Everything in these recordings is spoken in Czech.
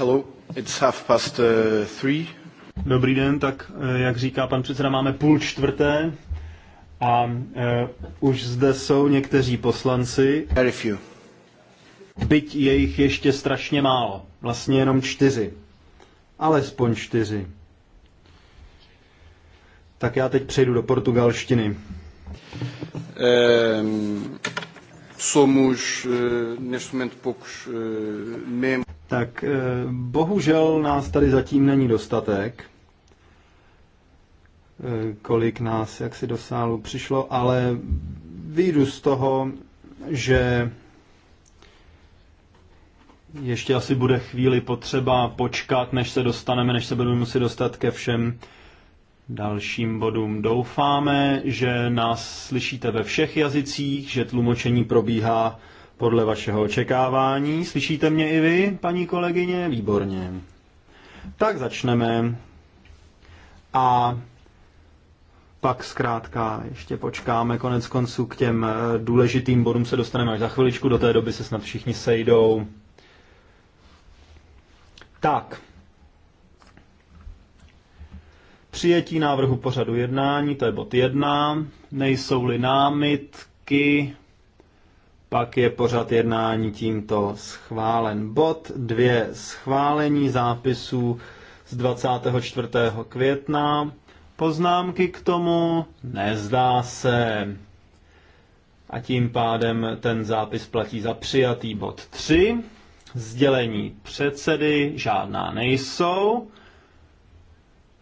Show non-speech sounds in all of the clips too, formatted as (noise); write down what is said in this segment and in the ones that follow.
hello, it's half past uh, three. Dobrý den, tak eh, jak říká pan předseda, máme půl čtvrté a uh, už zde jsou někteří poslanci. Very few. Byť je jich ještě strašně málo, vlastně jenom čtyři. Alespoň čtyři. Tak já teď přejdu do portugalštiny. Um... Somos, eh, neste momento, poucos membros. Tak eh, bohužel nás tady zatím není dostatek, eh, kolik nás jaksi do sálu přišlo, ale vyjdu z toho, že ještě asi bude chvíli potřeba počkat, než se dostaneme, než se budeme muset dostat ke všem dalším bodům. Doufáme, že nás slyšíte ve všech jazycích, že tlumočení probíhá podle vašeho očekávání, slyšíte mě i vy, paní kolegyně? Výborně. Tak začneme. A pak zkrátka ještě počkáme konec konců k těm eh, důležitým bodům se dostaneme až za chviličku, do té doby se snad všichni sejdou. Tak. Přijetí návrhu pořadu jednání, to je bod jedna. Nejsou-li námitky, pak je pořad jednání tímto schválen. Bod 2. Schválení zápisů z 24. května. Poznámky k tomu nezdá se. A tím pádem ten zápis platí za přijatý bod 3. Sdělení předsedy žádná nejsou.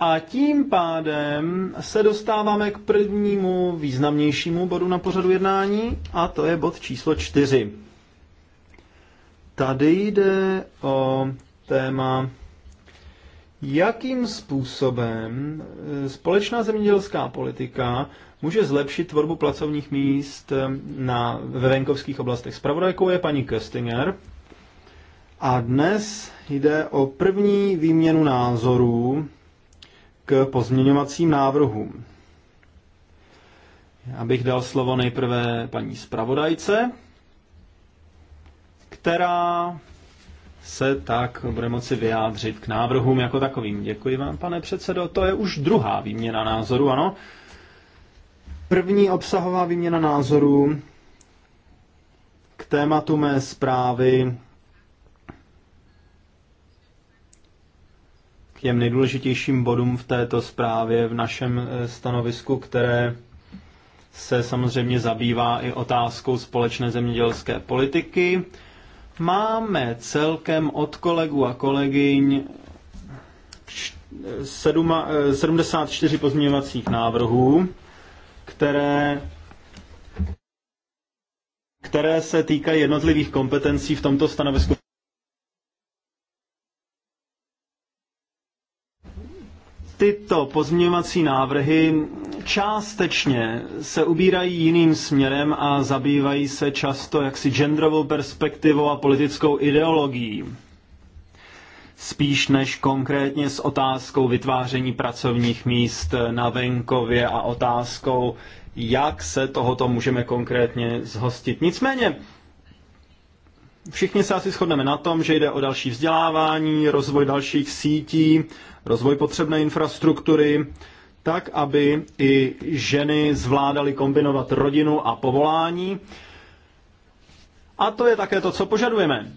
A tím pádem se dostáváme k prvnímu významnějšímu bodu na pořadu jednání, a to je bod číslo čtyři. Tady jde o téma, jakým způsobem společná zemědělská politika může zlepšit tvorbu pracovních míst na, ve venkovských oblastech. Spravodajkou je paní Köstinger. A dnes jde o první výměnu názorů k pozměňovacím návrhům. Já bych dal slovo nejprve paní zpravodajce, která se tak bude moci vyjádřit k návrhům jako takovým. Děkuji vám, pane předsedo. To je už druhá výměna názoru, ano. První obsahová výměna názoru k tématu mé zprávy k těm nejdůležitějším bodům v této zprávě, v našem eh, stanovisku, které se samozřejmě zabývá i otázkou společné zemědělské politiky. Máme celkem od kolegů a kolegyň 74 eh, pozměňovacích návrhů, které, které se týkají jednotlivých kompetencí v tomto stanovisku. tyto pozměňovací návrhy částečně se ubírají jiným směrem a zabývají se často jaksi genderovou perspektivou a politickou ideologií, spíš než konkrétně s otázkou vytváření pracovních míst na venkově a otázkou, jak se tohoto můžeme konkrétně zhostit. Nicméně, Všichni se asi shodneme na tom, že jde o další vzdělávání, rozvoj dalších sítí, rozvoj potřebné infrastruktury, tak, aby i ženy zvládaly kombinovat rodinu a povolání. A to je také to, co požadujeme.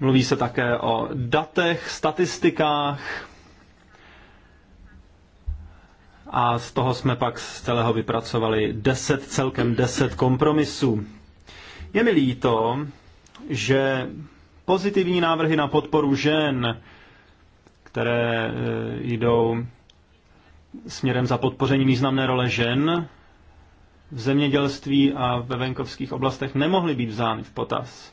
Mluví se také o datech, statistikách a z toho jsme pak z celého vypracovali 10, celkem 10 kompromisů. Je mi líto, že pozitivní návrhy na podporu žen, které eh, jdou směrem za podpoření významné role žen v zemědělství a ve venkovských oblastech, nemohly být vzány v potaz.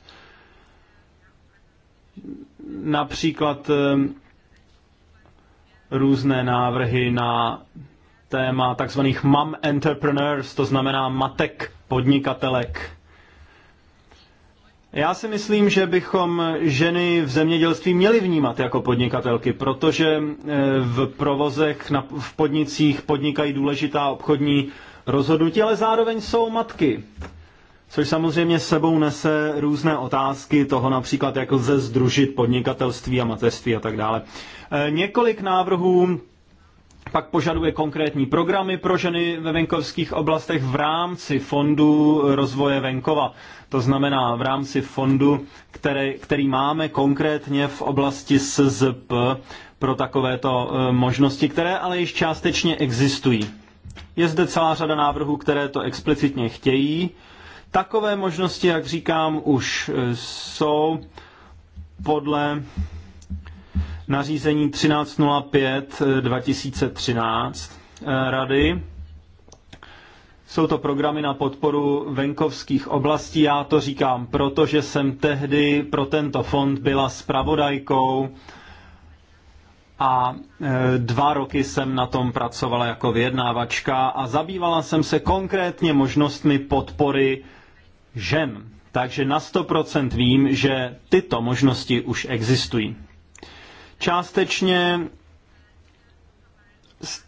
Například eh, různé návrhy na téma takzvaných mom entrepreneurs, to znamená matek podnikatelek, já si myslím, že bychom ženy v zemědělství měli vnímat jako podnikatelky, protože eh, v provozech, v podnicích podnikají důležitá obchodní rozhodnutí, ale zároveň jsou matky. Což samozřejmě sebou nese různé otázky toho například, jak lze združit podnikatelství a mateřství a tak dále. Eh, několik návrhů pak požaduje konkrétní programy pro ženy ve venkovských oblastech v rámci fondu rozvoje venkova. To znamená v rámci fondu, který, který máme konkrétně v oblasti SZP pro takovéto e, možnosti, které ale již částečně existují. Je zde celá řada návrhů, které to explicitně chtějí. Takové možnosti, jak říkám, už e, jsou podle nařízení 1305 2013 eh, eh, rady. Jsou to programy na podporu venkovských oblastí. Já to říkám, protože jsem tehdy pro tento fond byla spravodajkou a eh, dva roky jsem na tom pracovala jako vyjednávačka a zabývala jsem se konkrétně možnostmi podpory žen. Takže na 100% vím, že tyto možnosti už existují. Částečně s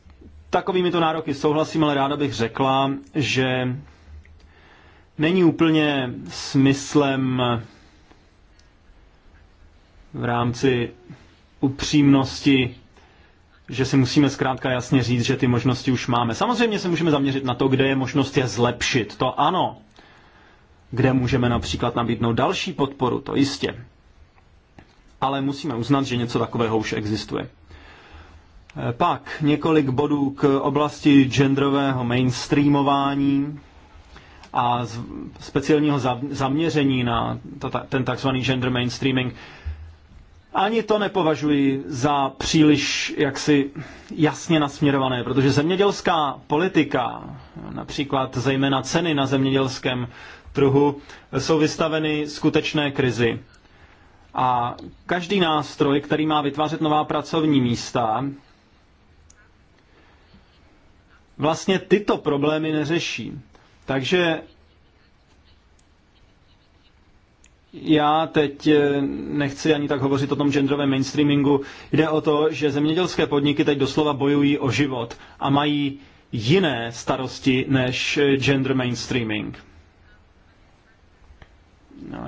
takovými to nároky souhlasím, ale ráda bych řekla, že není úplně smyslem v rámci upřímnosti, že si musíme zkrátka jasně říct, že ty možnosti už máme. Samozřejmě se můžeme zaměřit na to, kde je možnost je zlepšit. To ano. Kde můžeme například nabídnout další podporu, to jistě ale musíme uznat, že něco takového už existuje. Eh, pak několik bodů k oblasti genderového mainstreamování a speciálního zaměření na ten takzvaný gender mainstreaming. Ani to nepovažuji za příliš jaksi jasně nasměrované, protože zemědělská politika, například zejména ceny na zemědělském trhu, jsou vystaveny skutečné krizi. A každý nástroj, který má vytvářet nová pracovní místa, vlastně tyto problémy neřeší. Takže já teď eh, nechci ani tak hovořit o tom genderovém mainstreamingu. Jde o to, že zemědělské podniky teď doslova bojují o život a mají jiné starosti než eh, gender mainstreaming.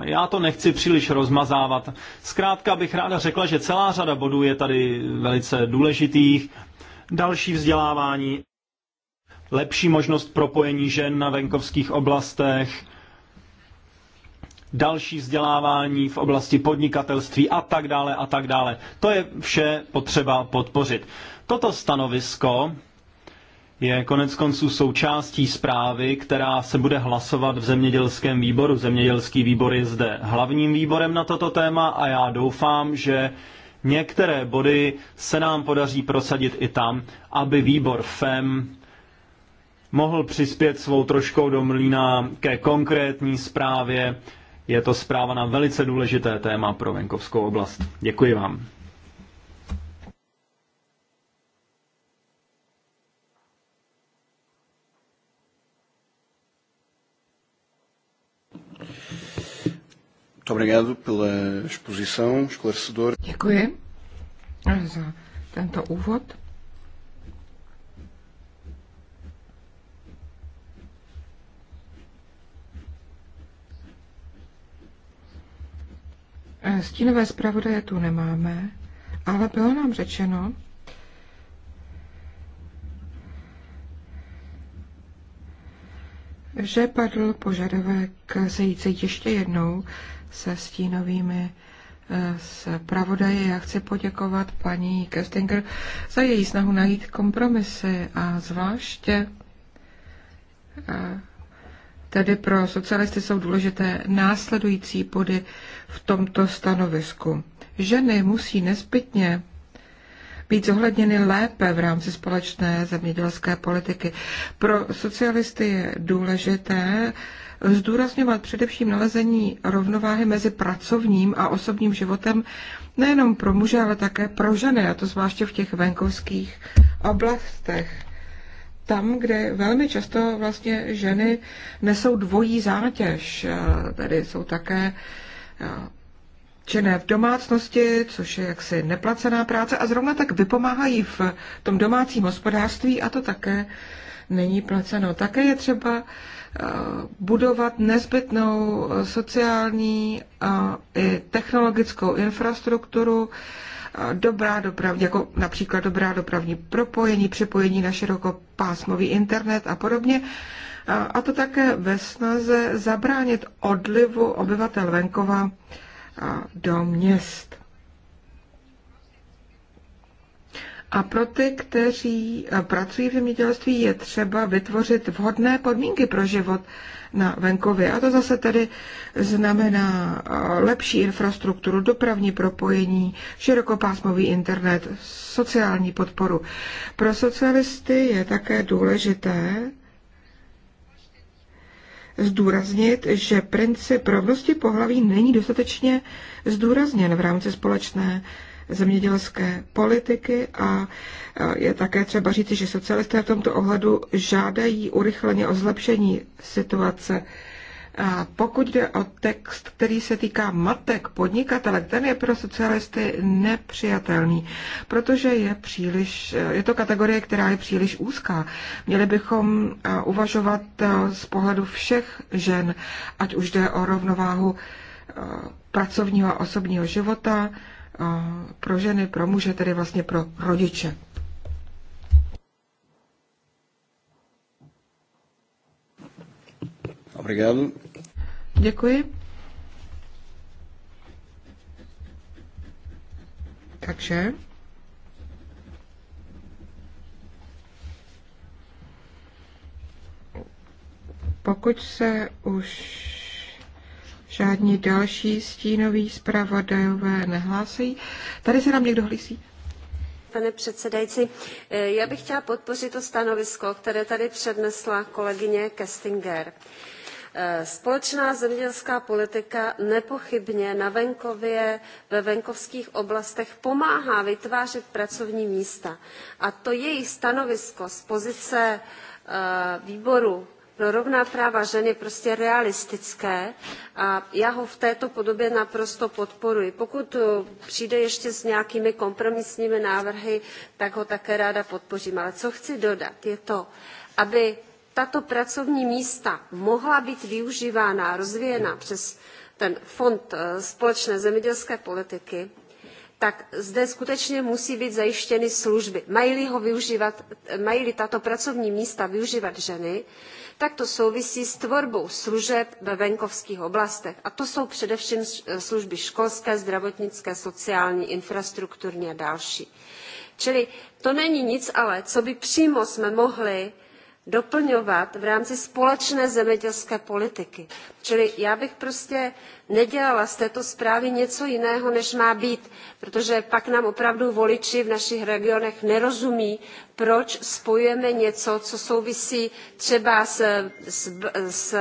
Já to nechci příliš rozmazávat. Zkrátka bych ráda řekla, že celá řada bodů je tady velice důležitých. Další vzdělávání, lepší možnost propojení žen na venkovských oblastech, další vzdělávání v oblasti podnikatelství a tak dále a tak dále. To je vše potřeba podpořit. Toto stanovisko je konec konců součástí zprávy, která se bude hlasovat v zemědělském výboru. Zemědělský výbor je zde hlavním výborem na toto téma a já doufám, že některé body se nám podaří prosadit i tam, aby výbor FEM mohl přispět svou troškou do mlína ke konkrétní zprávě. Je to zpráva na velice důležité téma pro venkovskou oblast. Děkuji vám. Děkuji za tento úvod. Stínové zpravodaje tu nemáme, ale bylo nám řečeno, že padl požadavek sejít se ještě jednou se stínovými s eh, pravodaji. Já chci poděkovat paní Kestinger za její snahu najít kompromisy a zvláště eh, tedy pro socialisty jsou důležité následující body v tomto stanovisku. Ženy musí nezbytně být zohledněny lépe v rámci společné zemědělské politiky. Pro socialisty je důležité zdůrazňovat především nalezení rovnováhy mezi pracovním a osobním životem nejenom pro muže, ale také pro ženy, a to zvláště v těch venkovských oblastech tam, kde velmi často vlastně ženy nesou dvojí zátěž, eh, tedy jsou také eh, činné v domácnosti, což je jaksi neplacená práce a zrovna tak vypomáhají v tom domácím hospodářství a to také není placeno. Také je třeba eh, budovat nezbytnou sociální a i technologickou infrastrukturu, dobrá doprav, jako například dobrá dopravní propojení, připojení na širokopásmový internet a podobně. A to také ve snaze zabránit odlivu obyvatel venkova a do měst. A pro ty, kteří eh, pracují v zemědělství, je třeba vytvořit vhodné podmínky pro život na venkově. A to zase tedy znamená eh, lepší infrastrukturu, dopravní propojení, širokopásmový internet, sociální podporu. Pro socialisty je také důležité zdůraznit, že princip rovnosti pohlaví není dostatečně zdůrazněn v rámci společné zemědělské politiky a je také třeba říci, že socialisté v tomto ohledu žádají urychleně o zlepšení situace a pokud jde o text, který se týká matek podnikatele, ten je pro socialisty nepřijatelný, protože je příliš, je to kategorie, která je příliš úzká. Měli bychom uvažovat z pohledu všech žen, ať už jde o rovnováhu pracovního a osobního života, pro ženy, pro muže, tedy vlastně pro rodiče. Obrigado. Děkuji. Takže pokud se už žádní další stínoví zpravodajové nehlásí, tady se nám někdo hlísí pane předsedající. Já bych chtěla podpořit to stanovisko, které tady přednesla kolegyně Kestinger. Eh, společná zemědělská politika nepochybně na venkově, ve venkovských oblastech pomáhá vytvářet pracovní místa. A to její stanovisko z pozice eh, výboru pro rovná práva žen je prostě realistické a já ho v této podobě naprosto podporuji. Pokud eh, přijde ještě s nějakými kompromisními návrhy, tak ho také ráda podpořím. Ale co chci dodat, je to, aby tato pracovní místa mohla být využívána a rozvíjena přes ten fond eh, společné zemědělské politiky, tak zde skutečně musí být zajištěny služby. Mají-li, ho využívat, mají-li tato pracovní místa využívat ženy, tak to souvisí s tvorbou služeb ve venkovských oblastech. A to jsou především eh, služby školské, zdravotnické, sociální, infrastrukturní a další. Čili to není nic ale, co by přímo jsme mohli doplňovat v rámci společné zemědělské politiky. Čili já bych prostě nedělala z této zprávy něco jiného, než má být, protože pak nám opravdu voliči v našich regionech nerozumí, proč spojujeme něco, co souvisí třeba s, s, s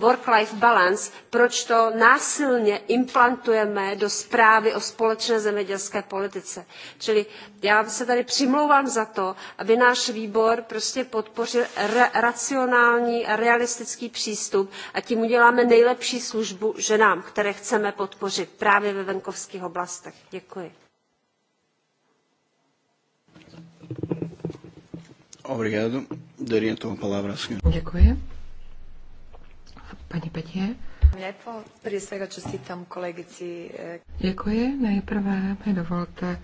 work-life balance, proč to násilně implantujeme do zprávy o společné zemědělské politice. Čili já se tady přimlouvám za to, aby náš výbor prostě podpořil racionální a realistický přístup a tím uděláme nejlepší službu ženám které chceme podpořit právě ve venkovských oblastech. Děkuji. Obrigado. Daria então a palavra Děkuji. Paní Petě. Lepo, prije svega jako čestitam kolegici. Eh, Děkuji. Nejprve mi dovolte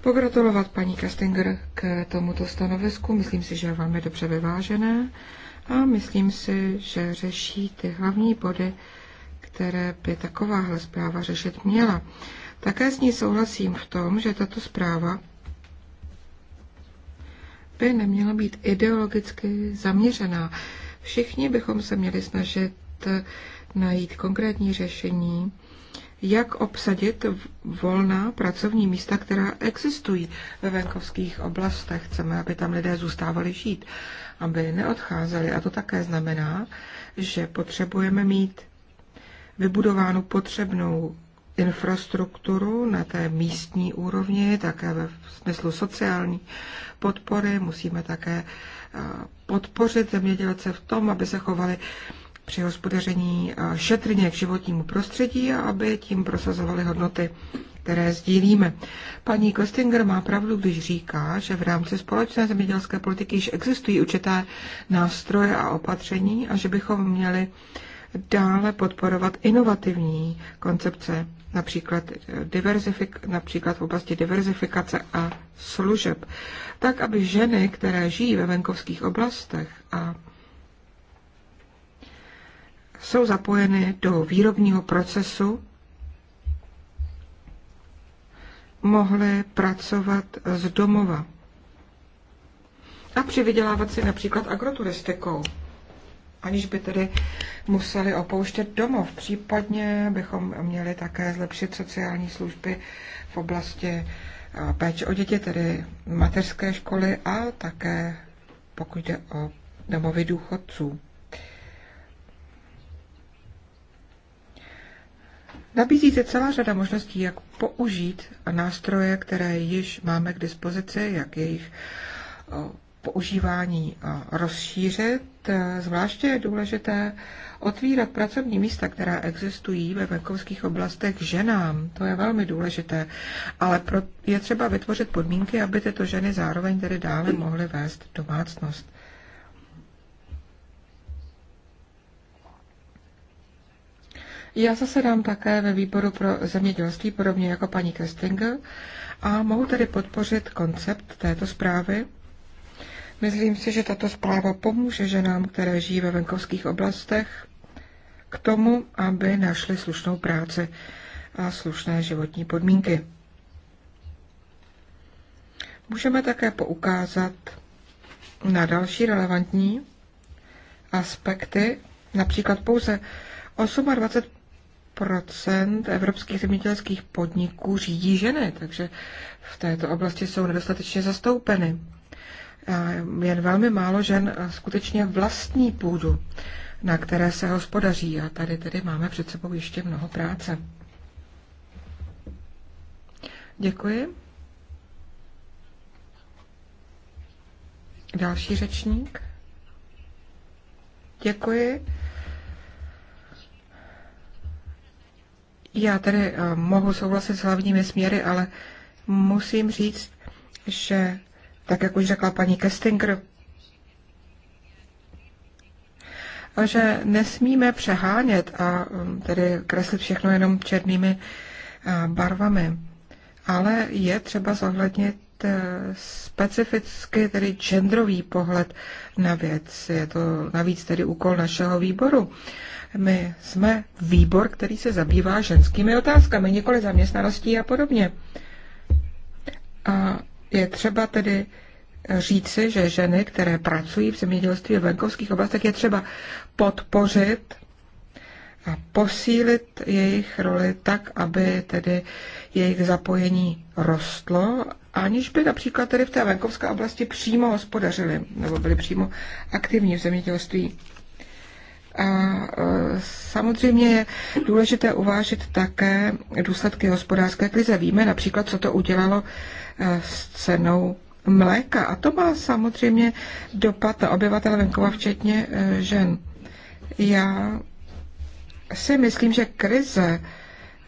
pogratulovat paní Kastinger k tomuto stanovisku. Myslím si, že je velmi dobře vyvážené a myslím si, že řeší ty hlavní body, které by takováhle zpráva řešit měla. Také s ní souhlasím v tom, že tato zpráva by neměla být ideologicky zaměřená. Všichni bychom se měli snažit najít konkrétní řešení, jak obsadit volná pracovní místa, která existují ve venkovských oblastech. Chceme, aby tam lidé zůstávali žít, aby neodcházeli. A to také znamená, že potřebujeme mít vybudovánu potřebnou infrastrukturu na té místní úrovni, také ve smyslu sociální podpory. Musíme také eh, podpořit zemědělce v tom, aby se chovali při hospodaření eh, šetrně k životnímu prostředí a aby tím prosazovali hodnoty, které sdílíme. Paní Kostinger má pravdu, když říká, že v rámci společné zemědělské politiky již existují určité nástroje a opatření a že bychom měli dále podporovat inovativní koncepce, například, eh, diverzifik, například v oblasti diverzifikace a služeb, tak aby ženy, které žijí ve venkovských oblastech a jsou zapojeny do výrobního procesu, mohly pracovat z domova a přivydělávat si například agroturistikou aniž by tedy museli opouštět domov. Případně bychom měli také zlepšit sociální služby v oblasti eh, péče o děti, tedy mateřské školy a také pokud jde o domovy důchodců. Nabízí se celá řada možností, jak použít nástroje, které již máme k dispozici, jak jejich eh, používání eh, rozšířit. Eh, zvláště je důležité otvírat pracovní místa, která existují ve venkovských oblastech ženám. To je velmi důležité. Ale pro, je třeba vytvořit podmínky, aby tyto ženy zároveň tedy dále mohly vést domácnost. Já dám také ve výboru pro zemědělství, podobně jako paní Kestinger, a mohu tedy podpořit koncept této zprávy, Myslím si, že tato zpráva pomůže ženám, které žijí ve venkovských oblastech, k tomu, aby našly slušnou práci a slušné životní podmínky. Můžeme také poukázat na další relevantní aspekty, například pouze 28 evropských zemědělských podniků řídí ženy, takže v této oblasti jsou nedostatečně zastoupeny jen velmi málo žen eh, skutečně vlastní půdu, na které se hospodaří. A tady tedy máme před sebou ještě mnoho práce. Děkuji. Další řečník. Děkuji. Já tedy eh, mohu souhlasit s hlavními směry, ale musím říct, že tak jak už řekla paní Kestinger, že nesmíme přehánět a um, tedy kreslit všechno jenom černými uh, barvami. Ale je třeba zohlednit uh, specificky tedy genderový pohled na věc. Je to navíc tedy úkol našeho výboru. My jsme výbor, který se zabývá ženskými otázkami, nikoli zaměstnaností a podobně. A je třeba tedy říci, že ženy, které pracují v zemědělství v venkovských oblastech, je třeba podpořit a posílit jejich roli tak, aby tedy jejich zapojení rostlo, aniž by například tedy v té venkovské oblasti přímo hospodařili nebo byli přímo aktivní v zemědělství. A e, samozřejmě je důležité uvážit také důsledky hospodářské krize. Víme například, co to udělalo e, s cenou mléka. A to má samozřejmě dopad na obyvatele venkova, včetně e, žen. Já si myslím, že krize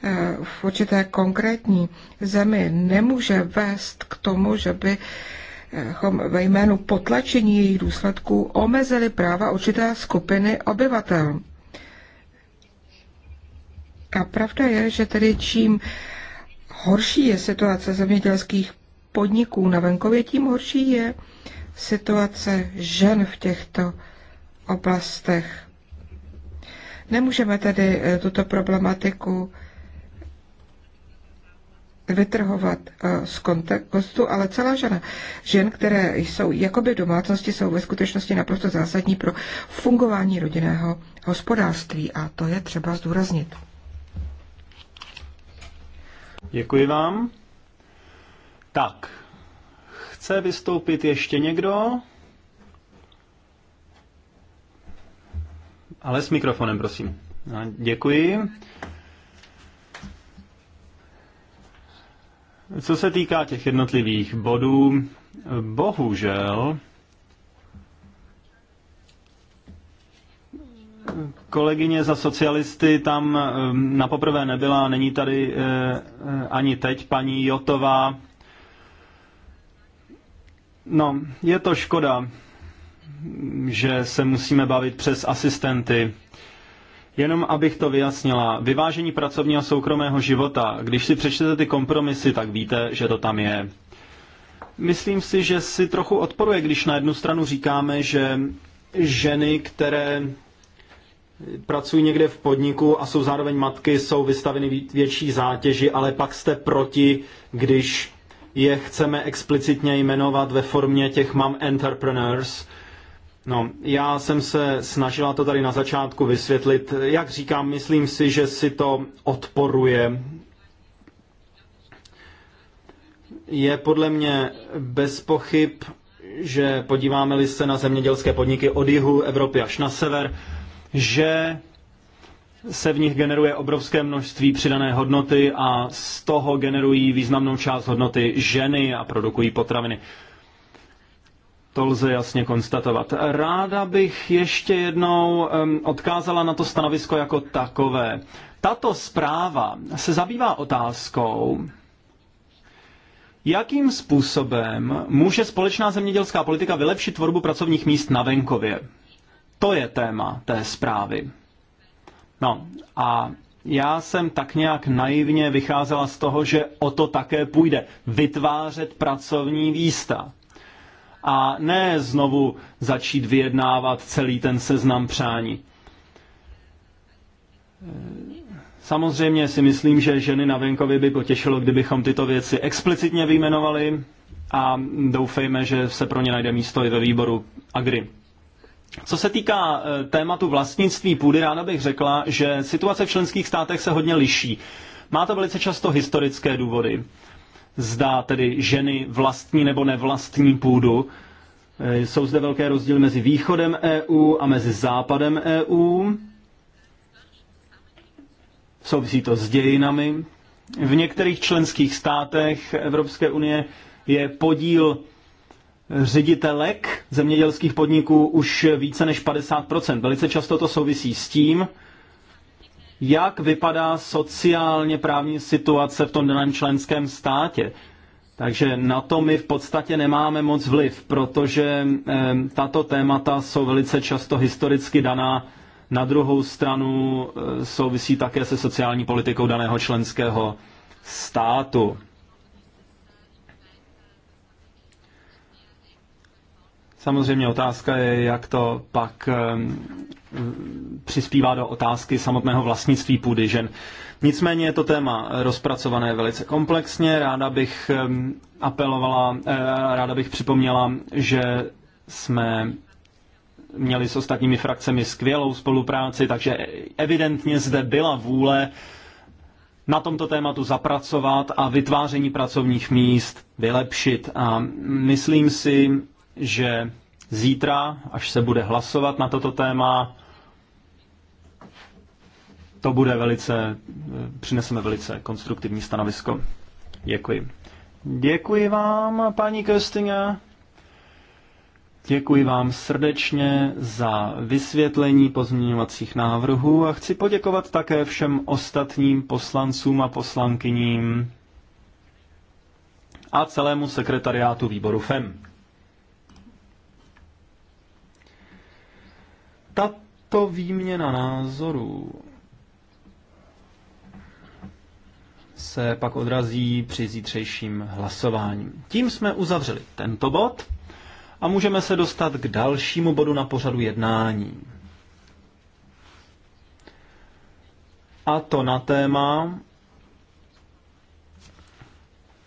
e, v určité konkrétní zemi nemůže vést k tomu, že by ve jménu potlačení jejich důsledků omezili práva určité skupiny obyvatel. A pravda je, že tedy čím horší je situace zemědělských podniků na venkově, tím horší je situace žen v těchto oblastech. Nemůžeme tedy eh, tuto problematiku vytrhovat eh, z kontextu, ale celá žena žen, které jsou jakoby domácnosti, jsou ve skutečnosti naprosto zásadní pro fungování rodinného hospodářství a to je třeba zdůraznit. Děkuji vám. Tak, chce vystoupit ještě někdo? Ale s mikrofonem, prosím. No, děkuji. Co se týká těch jednotlivých bodů, bohužel kolegyně za socialisty tam eh, na poprvé nebyla, není tady eh, eh, ani teď paní Jotová No, je to škoda, že se musíme bavit přes asistenty. Jenom abych to vyjasnila, vyvážení pracovního a soukromého života, když si přečtete ty kompromisy, tak víte, že to tam je. Myslím si, že si trochu odporuje, když na jednu stranu říkáme, že ženy, které pracují někde v podniku a jsou zároveň matky, jsou vystaveny větší zátěži, ale pak jste proti, když je chceme explicitně jmenovat ve formě těch mam entrepreneurs. No, já jsem se snažila to tady na začátku vysvětlit. Jak říkám, myslím si, že si to odporuje je podle mě bez pochyb, že podíváme-li se na zemědělské podniky od jihu Evropy až na sever, že se v nich generuje obrovské množství přidané hodnoty a z toho generují významnou část hodnoty ženy a produkují potraviny. To lze jasně konstatovat. Ráda bych ještě jednou odkázala na to stanovisko jako takové. Tato zpráva se zabývá otázkou, jakým způsobem může společná zemědělská politika vylepšit tvorbu pracovních míst na venkově. To je téma té zprávy. No a já jsem tak nějak naivně vycházela z toho, že o to také půjde. Vytvářet pracovní výsta. A ne znovu začít vyjednávat celý ten seznam přání. Samozřejmě si myslím, že ženy na venkově by potěšilo, kdybychom tyto věci explicitně vyjmenovali a doufejme, že se pro ně najde místo i ve výboru Agri. Co se týká eh, tématu vlastnictví půdy, ráda bych řekla, že situace v členských státech se hodně liší. Má to velice často historické důvody. Zdá tedy ženy vlastní nebo nevlastní půdu. Eh, jsou zde velké rozdíly mezi východem EU a mezi západem EU. Souvisí to s dějinami. V některých členských státech Evropské unie je podíl ředitelek zemědělských podniků už více než 50%. Velice často to souvisí s tím, jak vypadá sociálně právní situace v tom daném členském státě. Takže na to my v podstatě nemáme moc vliv, protože tato témata jsou velice často historicky daná. Na druhou stranu e, souvisí také se sociální politikou daného členského státu. Samozřejmě otázka je, jak to pak přispívá do otázky samotného vlastnictví půdy žen. Nicméně je to téma rozpracované velice komplexně. Ráda bych apelovala, eh, ráda bych připomněla, že jsme měli s ostatními frakcemi skvělou spolupráci, takže evidentně zde byla vůle na tomto tématu zapracovat a vytváření pracovních míst vylepšit. A myslím si, že zítra, až se bude hlasovat na toto téma, to bude velice, přineseme velice konstruktivní stanovisko. Děkuji. Děkuji vám, paní Köstinga. Děkuji vám srdečně za vysvětlení pozměňovacích návrhů a chci poděkovat také všem ostatním poslancům a poslankyním a celému sekretariátu výboru FEM. Tato výměna názorů se pak odrazí při zítřejším hlasování. Tím jsme uzavřeli tento bod a můžeme se dostat k dalšímu bodu na pořadu jednání. A to na téma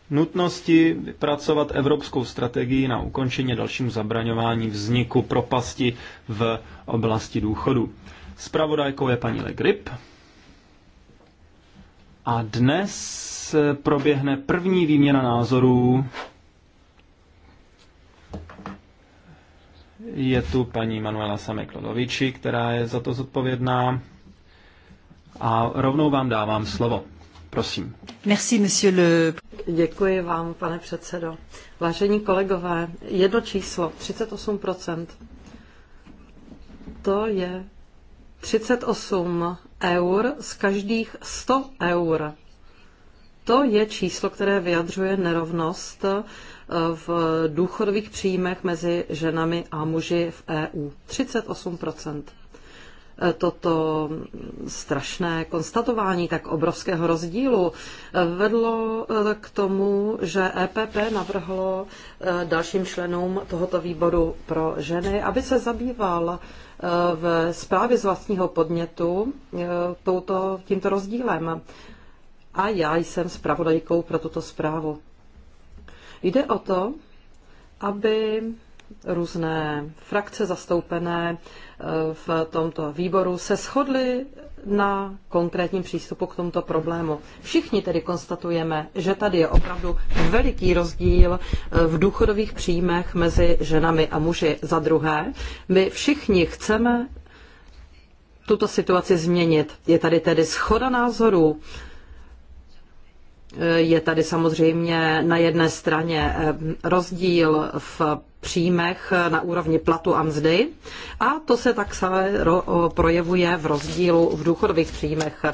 nutnosti vypracovat evropskou strategii na ukončení dalším zabraňování vzniku propasti v oblasti důchodu. Spravodajkou je paní Le Grip. A dnes proběhne první výměna názorů. Je tu paní Manuela Sameklodoviči, která je za to zodpovědná. A rovnou vám dávám slovo. Prosím. Merci, monsieur le... Děkuji vám, pane předsedo. Vážení kolegové, jedno číslo, 38%. To je 38 eur z každých 100 eur. To je číslo, které vyjadřuje nerovnost eh, v důchodových příjmech mezi ženami a muži v EU. 38 Eh, toto strašné konstatování tak obrovského rozdílu eh, vedlo eh, k tomu, že EPP navrhlo dalším členům tohoto výboru pro ženy, aby se zabýval v zprávě z vlastního podnětu touto, tímto rozdílem. A já jsem zpravodajkou pro tuto zprávu. Jde o to, aby různé frakce zastoupené v tomto výboru se shodli na konkrétním přístupu k tomuto problému. Všichni tedy konstatujeme, že tady je opravdu veliký rozdíl eh, v důchodových příjmech mezi ženami a muži. Za druhé, my všichni chceme tuto situaci změnit. Je tady tedy schoda názorů. Eh, je tady samozřejmě na jedné straně eh, rozdíl v příjmech na úrovni platu a mzdy a to se tak samé projevuje v rozdílu v důchodových příjmech.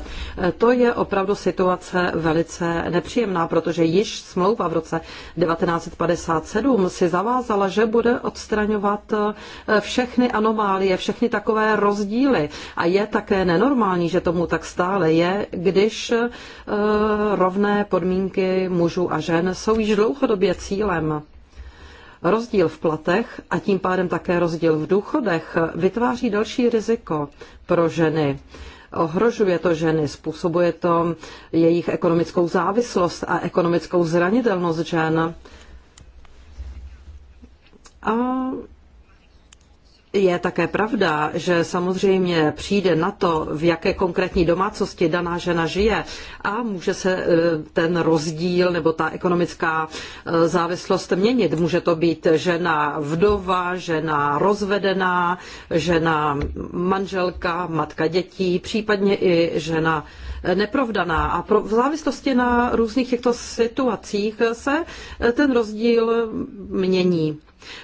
To je opravdu situace velice nepříjemná, protože již smlouva v roce 1957 si zavázala, že bude odstraňovat e, všechny anomálie, všechny takové rozdíly a je také nenormální, že tomu tak stále je, když e, rovné podmínky mužů a žen jsou již dlouhodobě cílem Rozdíl v platech a tím pádem také rozdíl v důchodech vytváří další riziko pro ženy. Ohrožuje to ženy, způsobuje to jejich ekonomickou závislost a ekonomickou zranitelnost žen. A je také pravda, že samozřejmě přijde na to, v jaké konkrétní domácnosti daná žena žije a může se e, ten rozdíl nebo ta ekonomická e, závislost měnit. Může to být žena vdova, žena rozvedená, žena manželka, matka dětí, případně i žena neprovdaná. A pro, v závislosti na různých těchto situacích se ten rozdíl mění.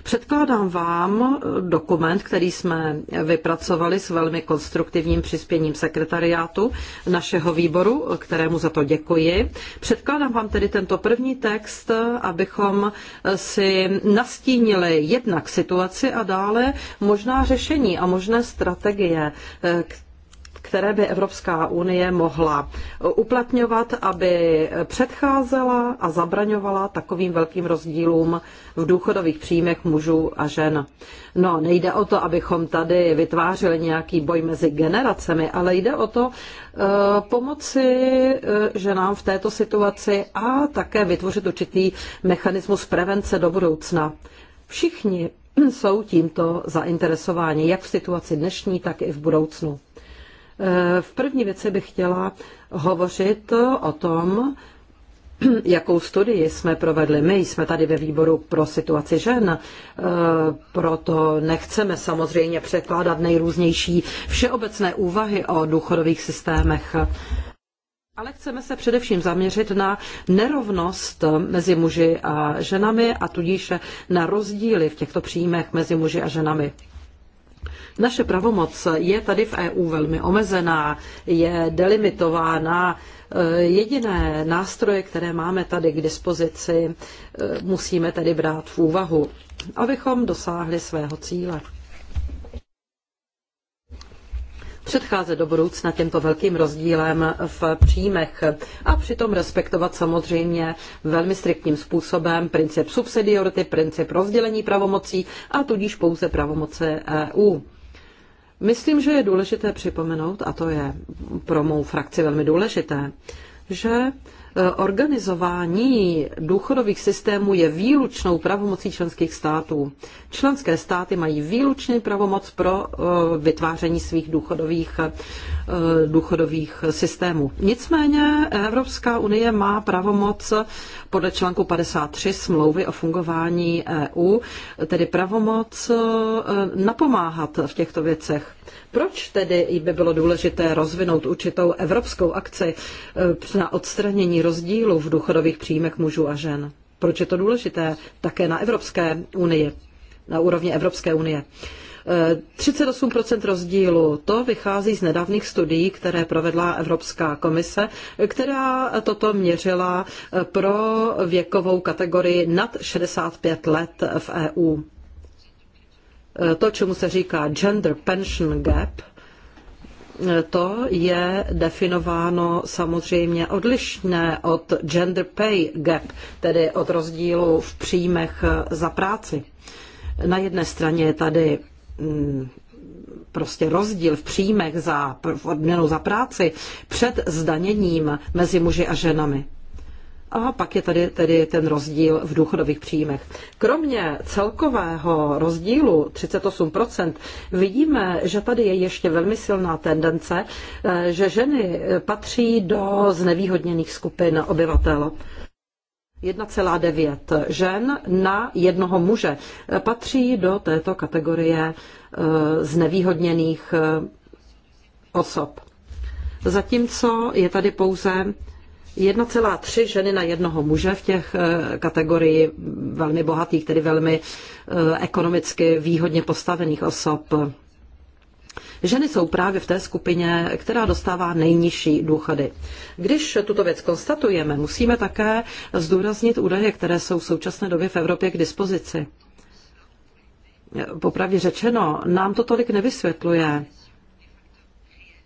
Předkládám vám eh, dokument, který jsme vypracovali s velmi konstruktivním přispěním sekretariátu našeho výboru, kterému za to děkuji. Předkládám vám tedy tento první text, abychom eh, si nastínili jednak situaci a dále možná řešení a možné strategie, které eh, které by Evropská unie mohla uplatňovat, aby předcházela a zabraňovala takovým velkým rozdílům v důchodových příjmech mužů a žen. No, nejde o to, abychom tady vytvářeli nějaký boj mezi generacemi, ale jde o to eh, pomoci eh, ženám v této situaci a také vytvořit určitý mechanismus prevence do budoucna. Všichni jsou tímto zainteresováni, jak v situaci dnešní, tak i v budoucnu. Eh, v první věci bych chtěla hovořit o tom, (clears throat) jakou studii jsme provedli. My jsme tady ve výboru pro situaci žen, eh, proto nechceme samozřejmě překládat nejrůznější všeobecné úvahy o důchodových systémech. Ale chceme se především zaměřit na nerovnost mezi muži a ženami a tudíž na rozdíly v těchto příjmech mezi muži a ženami. Naše pravomoc je tady v EU velmi omezená, je delimitována. Eh, jediné nástroje, které máme tady k dispozici, eh, musíme tedy brát v úvahu, abychom dosáhli svého cíle. předcházet do budoucna těmto velkým rozdílem v příjmech a přitom respektovat samozřejmě velmi striktním způsobem princip subsidiority, princip rozdělení pravomocí a tudíž pouze pravomoce EU. Myslím, že je důležité připomenout, a to je pro mou frakci velmi důležité, že e, organizování důchodových systémů je výlučnou pravomocí členských států. Členské státy mají výlučný pravomoc pro e, vytváření svých důchodových, e, důchodových systémů. Nicméně Evropská unie má pravomoc podle článku 53 smlouvy o fungování EU, tedy pravomoc e, napomáhat v těchto věcech. Proč tedy by bylo důležité rozvinout určitou evropskou akci e, na odstranění rozdílů v důchodových příjmech mužů a žen? Proč je to důležité také na Evropské unii, na úrovni Evropské unie? 38 rozdílu, to vychází z nedávných studií, které provedla Evropská komise, která toto měřila pro věkovou kategorii nad 65 let v EU. To, čemu se říká gender pension gap, to je definováno samozřejmě odlišné od gender pay gap, tedy od rozdílu v příjmech za práci. Na jedné straně je tady Mm, prostě rozdíl v příjmech za, v odměnu za práci před zdaněním mezi muži a ženami. A pak je tady tedy ten rozdíl v důchodových příjmech. Kromě celkového rozdílu 38% vidíme, že tady je ještě velmi silná tendence, eh, že ženy patří do znevýhodněných skupin obyvatel. 1,9 žen na jednoho muže patří do této kategorie eh, znevýhodněných eh, osob. Zatímco je tady pouze 1,3 ženy na jednoho muže v těch eh, kategorii velmi bohatých, tedy velmi ekonomicky výhodně postavených osob. Ženy jsou právě v té skupině, která dostává nejnižší důchody. Když tuto věc konstatujeme, musíme také zdůraznit údaje, které jsou v současné době v Evropě k dispozici. Popravdě řečeno, nám to tolik nevysvětluje,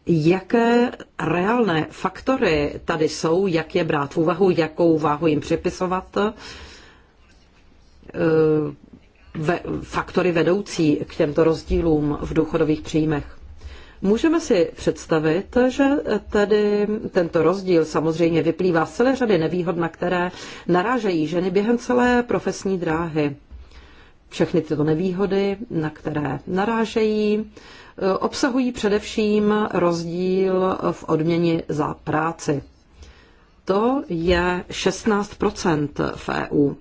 jaké reálné faktory tady jsou, jak je brát v úvahu, jakou váhu jim připisovat eh, faktory vedoucí k těmto rozdílům v důchodových příjmech. Můžeme si představit, že tedy tento rozdíl samozřejmě vyplývá z celé řady nevýhod, na které narážejí ženy během celé profesní dráhy. Všechny tyto nevýhody, na které narážejí, obsahují především rozdíl v odměně za práci. To je 16 v EU,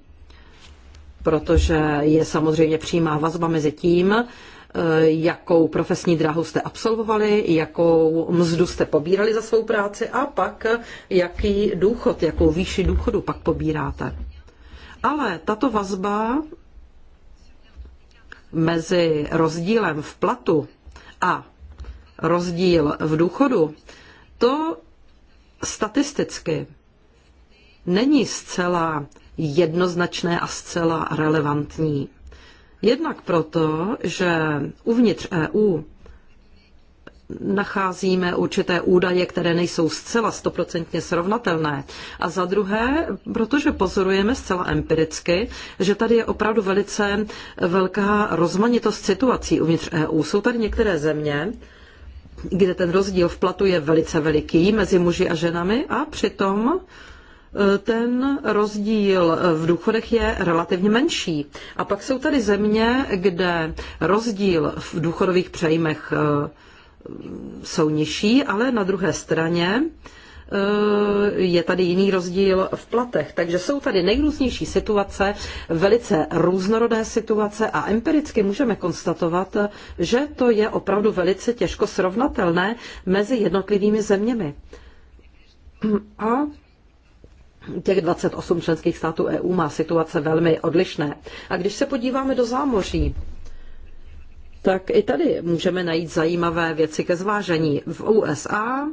protože je samozřejmě přímá vazba mezi tím, Eh, jakou profesní dráhu jste absolvovali, jakou mzdu jste pobírali za svou práci a pak jaký důchod, jakou výši důchodu pak pobíráte. Ale tato vazba mezi rozdílem v platu a rozdíl v důchodu, to statisticky není zcela jednoznačné a zcela relevantní. Jednak proto, že uvnitř EU nacházíme určité údaje, které nejsou zcela stoprocentně srovnatelné. A za druhé, protože pozorujeme zcela empiricky, že tady je opravdu velice velká rozmanitost situací uvnitř EU. Jsou tady některé země, kde ten rozdíl v platu je velice veliký mezi muži a ženami a přitom ten rozdíl v důchodech je relativně menší. A pak jsou tady země, kde rozdíl v důchodových přejmech e, jsou nižší, ale na druhé straně e, je tady jiný rozdíl v platech. Takže jsou tady nejrůznější situace, velice různorodé situace a empiricky můžeme konstatovat, že to je opravdu velice těžko srovnatelné mezi jednotlivými zeměmi. A těch 28 členských států EU má situace velmi odlišné. A když se podíváme do zámoří, tak i tady můžeme najít zajímavé věci ke zvážení. V USA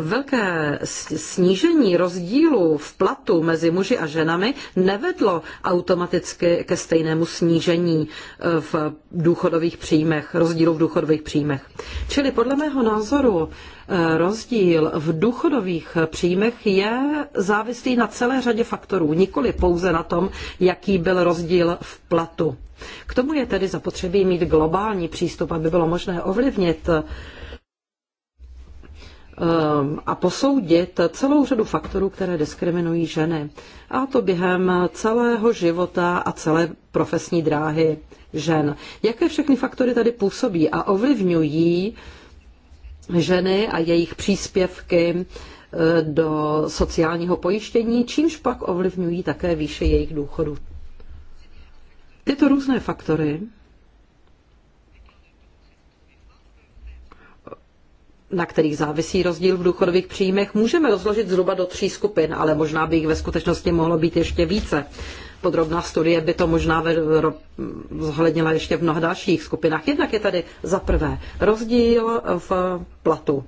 velké snížení rozdílu v platu mezi muži a ženami nevedlo automaticky ke stejnému snížení e, v důchodových příjmech, rozdílu v důchodových příjmech. Čili podle mého názoru e, rozdíl v důchodových příjmech je závislý na celé řadě faktorů, nikoli pouze na tom, jaký byl rozdíl v platu. K tomu je tedy zapotřebí mít globální přístup, aby bylo možné ovlivnit Ehm, a posoudit celou řadu faktorů, které diskriminují ženy. A to během celého života a celé profesní dráhy žen. Jaké všechny faktory tady působí a ovlivňují ženy a jejich příspěvky eh, do sociálního pojištění, čímž pak ovlivňují také výše jejich důchodu. Tyto různé faktory na kterých závisí rozdíl v důchodových příjmech, můžeme rozložit zhruba do tří skupin, ale možná by jich ve skutečnosti mohlo být ještě více. Podrobná studie by to možná zohlednila ještě v mnoha dalších skupinách. Jednak je tady za prvé rozdíl v platu.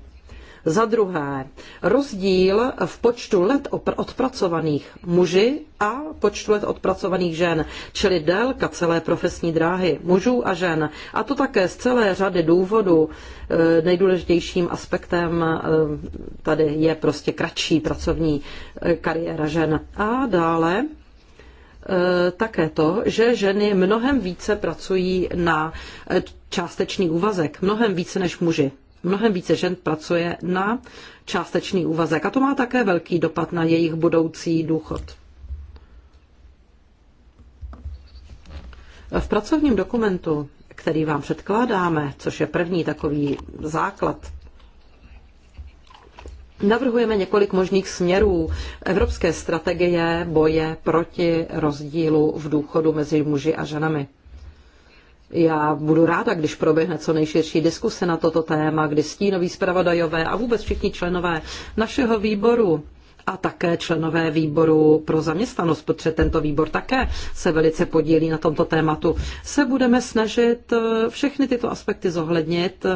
Za druhé, rozdíl v počtu let odpracovaných muži a počtu let odpracovaných žen, čili délka celé profesní dráhy mužů a žen. A to také z celé řady důvodů. E, nejdůležitějším aspektem e, tady je prostě kratší pracovní e, kariéra žen. A dále také to, že ženy mnohem více pracují na částečný úvazek, mnohem více než muži mnohem více žen pracuje na částečný úvazek a to má také velký dopad na jejich budoucí důchod. V pracovním dokumentu, který vám předkládáme, což je první takový základ Navrhujeme několik možných směrů evropské strategie boje proti rozdílu v důchodu mezi muži a ženami. Já budu ráda, když proběhne co nejširší diskuse na toto téma, kdy stínoví zpravodajové a vůbec všichni členové našeho výboru a také členové výboru pro zaměstnanost, protože tento výbor také se velice podílí na tomto tématu, se budeme snažit eh, všechny tyto aspekty zohlednit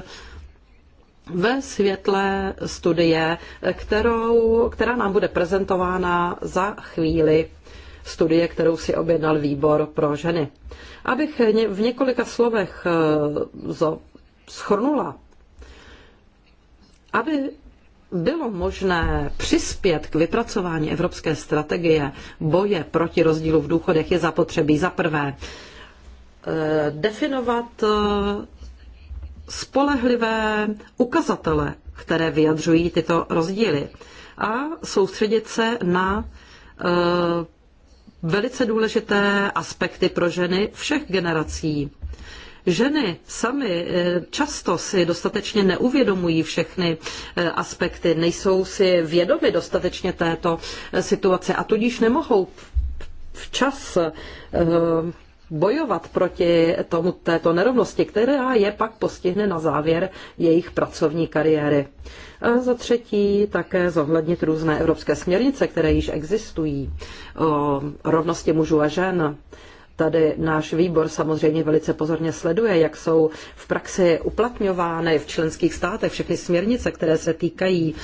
ve světle studie, kterou, která nám bude prezentována za chvíli studie, kterou si objednal výbor pro ženy. Abych v několika slovech eh, schrnula, aby bylo možné přispět k vypracování evropské strategie boje proti rozdílu v důchodech, je zapotřebí za prvé eh, definovat eh, spolehlivé ukazatele, které vyjadřují tyto rozdíly a soustředit se na velice důležité aspekty pro ženy všech generací. Ženy sami eh, často si dostatečně neuvědomují všechny eh, aspekty, nejsou si vědomy dostatečně této eh, situace a tudíž nemohou včas bojovat proti tomu, této nerovnosti, která je pak postihne na závěr jejich pracovní kariéry. A za třetí také zohlednit různé evropské směrnice, které již existují o rovnosti mužů a žen. Tady náš výbor samozřejmě velice pozorně sleduje, jak jsou v praxi uplatňovány v členských státech všechny směrnice, které se týkají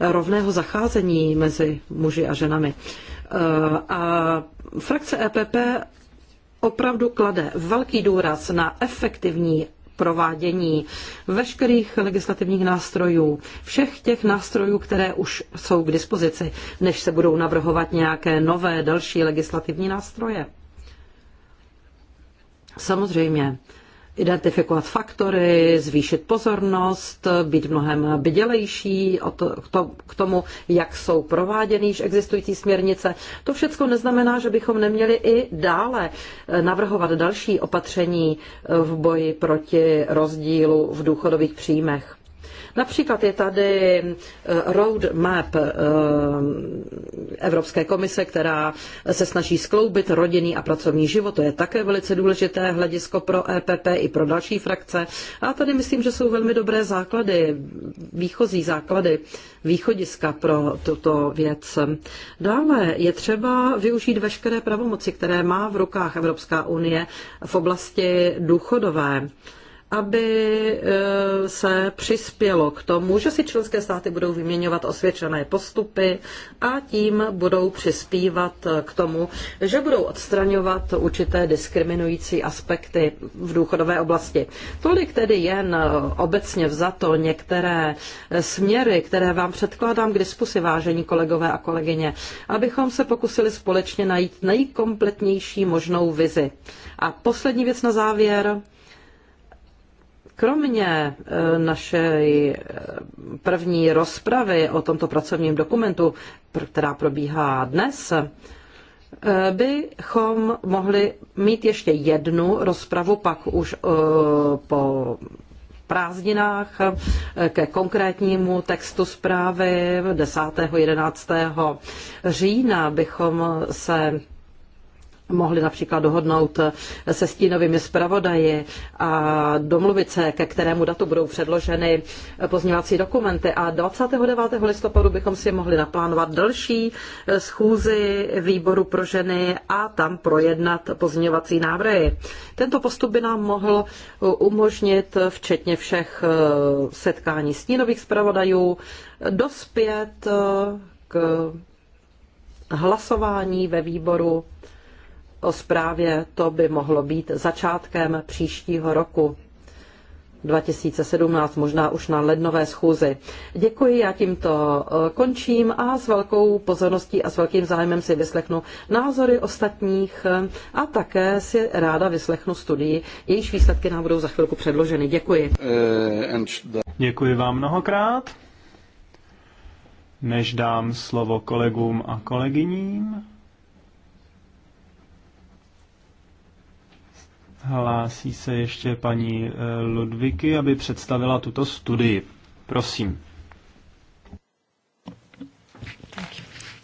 rovného zacházení mezi muži a ženami. A frakce EPP opravdu klade velký důraz na efektivní provádění veškerých legislativních nástrojů, všech těch nástrojů, které už jsou k dispozici, než se budou navrhovat nějaké nové další legislativní nástroje. Samozřejmě, identifikovat faktory, zvýšit pozornost, být mnohem bydělejší, k tomu, jak jsou prováděny již existující směrnice. To všechno neznamená, že bychom neměli i dále navrhovat další opatření v boji proti rozdílu v důchodových příjmech. Například je tady eh, roadmap eh, Evropské komise, která se snaží skloubit rodinný a pracovní život. To je také velice důležité hledisko pro EPP i pro další frakce. A tady myslím, že jsou velmi dobré základy, výchozí základy, východiska pro tuto věc. Dále je třeba využít veškeré pravomoci, které má v rukách Evropská unie v oblasti důchodové aby eh, se přispělo k tomu, že si členské státy budou vyměňovat osvědčené postupy a tím budou přispívat eh, k tomu, že budou odstraňovat určité diskriminující aspekty v důchodové oblasti. Tolik tedy jen eh, obecně vzato některé směry, které vám předkládám k diskusi, vážení kolegové a kolegyně, abychom se pokusili společně najít nejkompletnější možnou vizi. A poslední věc na závěr Kromě e, naší e, první rozpravy o tomto pracovním dokumentu, která probíhá dnes, e, bychom mohli mít ještě jednu rozpravu, pak už po prázdninách ke konkrétnímu textu zprávy 10. 11. října bychom se mohli například dohodnout se stínovými zpravodaji a domluvit se, ke kterému datu budou předloženy pozměňovací dokumenty. A 29. listopadu bychom si mohli naplánovat další schůzy výboru pro ženy a tam projednat pozměňovací návrhy. Tento postup by nám mohl umožnit, včetně všech setkání stínových zpravodajů, dospět k hlasování ve výboru o zprávě, to by mohlo být začátkem příštího roku. 2017, možná už na lednové schůzi. Děkuji, já tímto e, končím a s velkou pozorností a s velkým zájmem si vyslechnu názory ostatních e, a také si ráda vyslechnu studii, jejíž výsledky nám budou za chvilku předloženy. Děkuji. E, Děkuji vám mnohokrát. Než dám slovo kolegům a kolegyním, Hlásí se ještě paní eh, Ludviky, aby představila tuto studii. Prosím.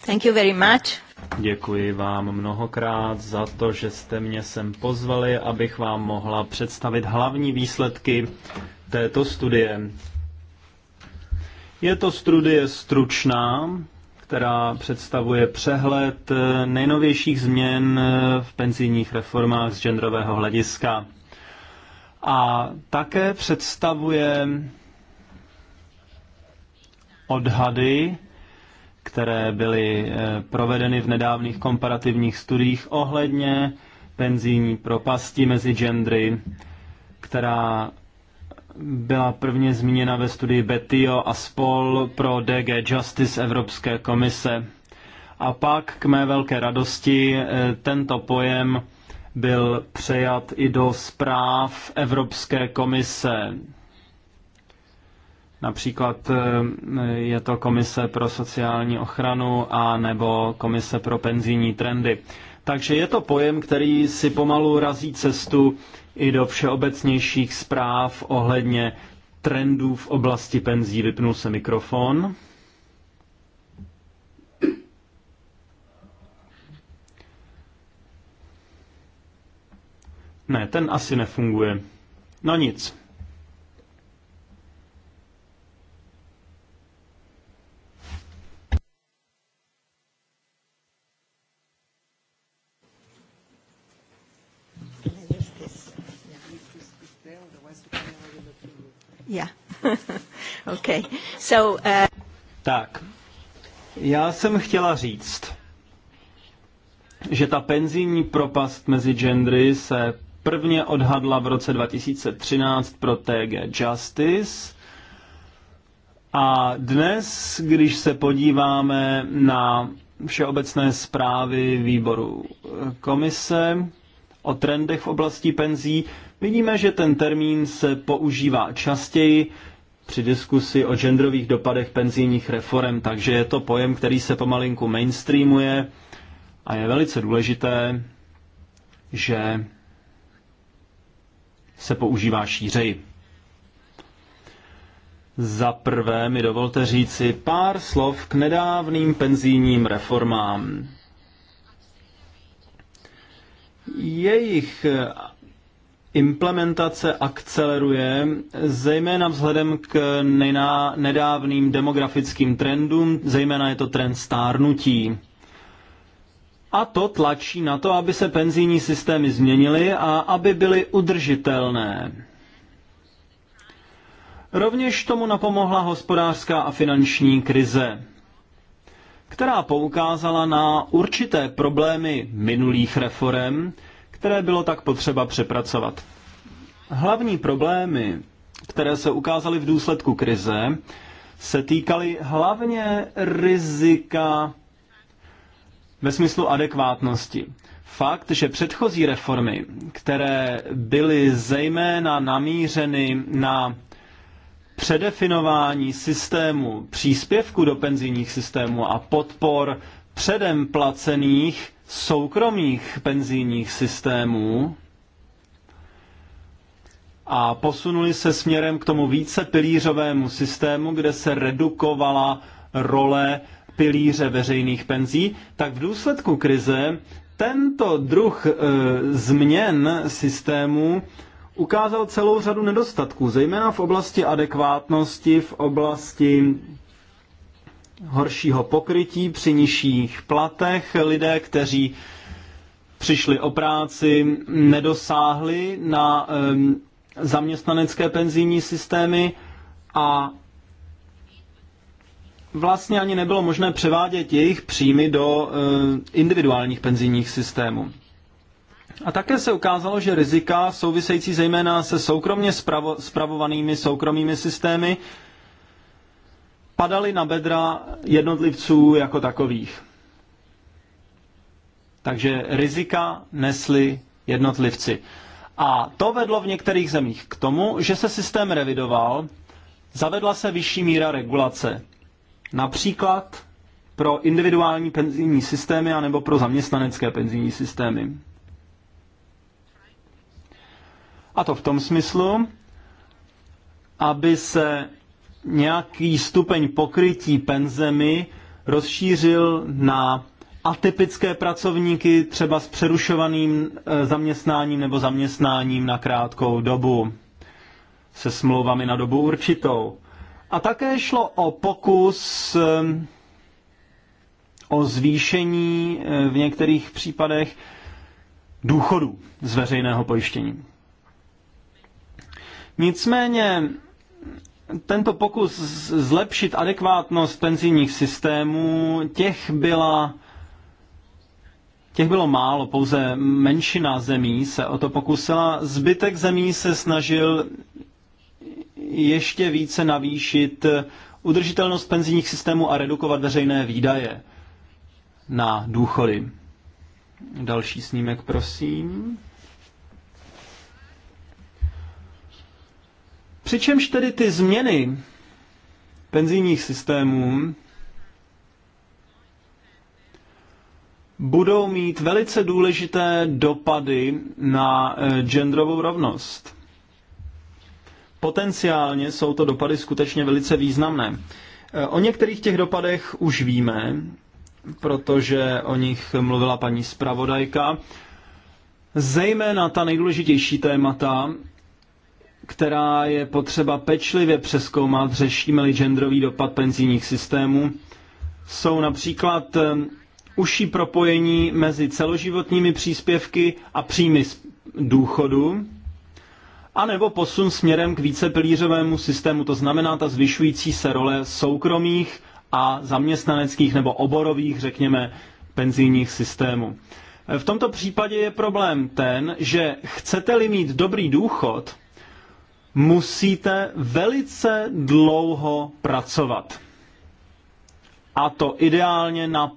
Thank you. very much. Děkuji vám mnohokrát za to, že jste mě sem pozvali, abych vám mohla představit hlavní výsledky této studie. Je to studie stručná, která představuje přehled eh, nejnovějších změn eh, v penzijních reformách z genderového hlediska. A také představuje odhady, které byly eh, provedeny v nedávných komparativních studiích ohledně penzijní propasti mezi gendry, která byla prvně zmíněna ve studii Betio a spol pro DG Justice Evropské komise. A pak k mé velké radosti eh, tento pojem byl přejat i do zpráv Evropské komise. Například eh, je to Komise pro sociální ochranu a nebo Komise pro penzijní trendy. Takže je to pojem, který si pomalu razí cestu i do všeobecnějších zpráv ohledně trendů v oblasti penzí. Vypnul se mikrofon. Ne, ten asi nefunguje. No nic. Yeah. (laughs) okay. So, uh... Tak, já jsem chtěla říct, že ta penzijní propast mezi gendry se prvně odhadla v roce 2013 pro TG Justice a dnes, když se podíváme na všeobecné zprávy výboru komise o trendech v oblasti penzí, Vidíme, že ten termín se používá častěji při diskusi o genderových dopadech penzijních reform, takže je to pojem, který se pomalinku mainstreamuje a je velice důležité, že se používá šířeji. Za prvé mi dovolte říci pár slov k nedávným penzijním reformám. Jejich implementace akceleruje, zejména vzhledem k nená, nedávným demografickým trendům, zejména je to trend stárnutí. A to tlačí na to, aby se penzijní systémy změnily a aby byly udržitelné. Rovněž tomu napomohla hospodářská a finanční krize, která poukázala na určité problémy minulých reform, které bylo tak potřeba přepracovat. Hlavní problémy, které se ukázaly v důsledku krize, se týkaly hlavně rizika ve smyslu adekvátnosti. Fakt, že předchozí reformy, které byly zejména namířeny na předefinování systému příspěvku do penzijních systémů a podpor předem placených soukromých penzijních systémů a posunuli se směrem k tomu více pilířovému systému, kde se redukovala role pilíře veřejných penzí, tak v důsledku krize tento druh e, změn systému ukázal celou řadu nedostatků, zejména v oblasti adekvátnosti, v oblasti horšího pokrytí, při nižších platech, lidé, kteří přišli o práci, nedosáhli na um, zaměstnanecké penzijní systémy a vlastně ani nebylo možné převádět jejich příjmy do uh, individuálních penzijních systémů. A také se ukázalo, že rizika související zejména se soukromně spravo- spravovanými soukromými systémy uh, padaly na bedra jednotlivců jako takových. Takže rizika nesli jednotlivci. A to vedlo v některých zemích k tomu, že se systém revidoval, zavedla se vyšší míra regulace. Například pro individuální penzijní systémy anebo pro zaměstnanecké penzijní systémy. A to v tom smyslu, aby se nějaký stupeň pokrytí penzemi rozšířil na atypické pracovníky třeba s přerušovaným eh, zaměstnáním nebo zaměstnáním na krátkou dobu se smlouvami na dobu určitou. A také šlo o pokus eh, o zvýšení eh, v některých případech důchodů z veřejného pojištění. Nicméně tento pokus zlepšit adekvátnost penzijních systémů, těch byla Těch bylo málo, pouze menšina zemí se o to pokusila. Zbytek zemí se snažil ještě více navýšit udržitelnost penzijních systémů a redukovat veřejné výdaje na důchody. Další snímek, prosím. Přičemž tedy ty změny penzijních systémů budou mít velice důležité dopady na eh, genderovou rovnost. Potenciálně jsou to dopady skutečně velice významné. Eh, o některých těch dopadech už víme, protože o nich mluvila paní zpravodajka. Zejména ta nejdůležitější témata která je potřeba pečlivě přeskoumat, řešíme-li genderový dopad penzijních systémů, jsou například eh, užší propojení mezi celoživotními příspěvky a příjmy z důchodu, anebo posun směrem k vícepilířovému systému, to znamená ta zvyšující se role soukromých a zaměstnaneckých nebo oborových, řekněme, penzijních systémů. Eh, v tomto případě je problém ten, že chcete-li mít dobrý důchod, musíte velice dlouho pracovat. A to ideálně na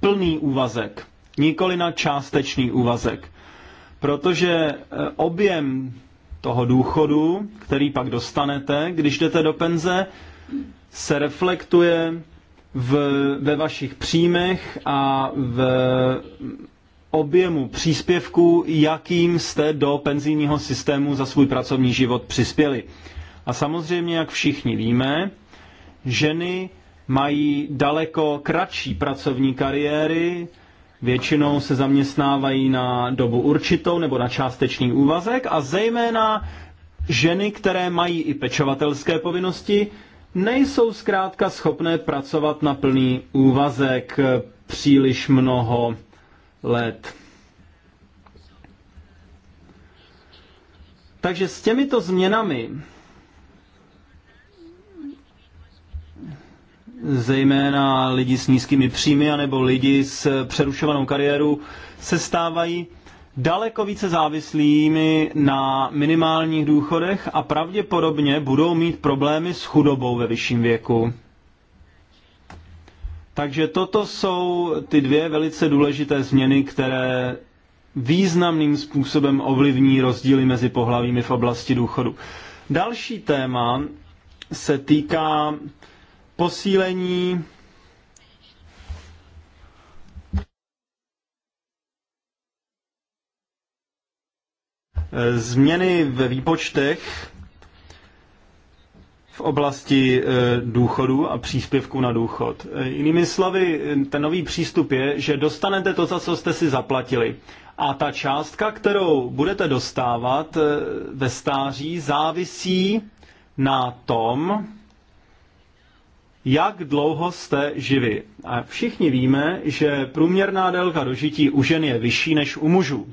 plný úvazek, nikoli na částečný úvazek. Protože eh, objem toho důchodu, který pak dostanete, když jdete do penze, se reflektuje v, ve vašich příjmech a v objemu příspěvku, jakým jste do penzijního systému za svůj pracovní život přispěli. A samozřejmě, jak všichni víme, ženy mají daleko kratší pracovní kariéry, většinou se zaměstnávají na dobu určitou nebo na částečný úvazek a zejména ženy, které mají i pečovatelské povinnosti, nejsou zkrátka schopné pracovat na plný úvazek příliš mnoho let. Takže s těmito změnami, zejména lidi s nízkými příjmy anebo lidi s přerušovanou kariérou, se stávají daleko více závislými na minimálních důchodech a pravděpodobně budou mít problémy s chudobou ve vyšším věku. Takže toto jsou ty dvě velice důležité změny, které významným způsobem ovlivní rozdíly mezi pohlavími v oblasti důchodu. Další téma se týká posílení změny ve výpočtech v oblasti eh, důchodu a příspěvku na důchod. Eh, jinými slovy, eh, ten nový přístup je, že dostanete to, za co jste si zaplatili. A ta částka, kterou budete dostávat ve stáří, závisí na tom, jak dlouho jste živi. A všichni víme, že průměrná délka dožití u žen je vyšší než u mužů.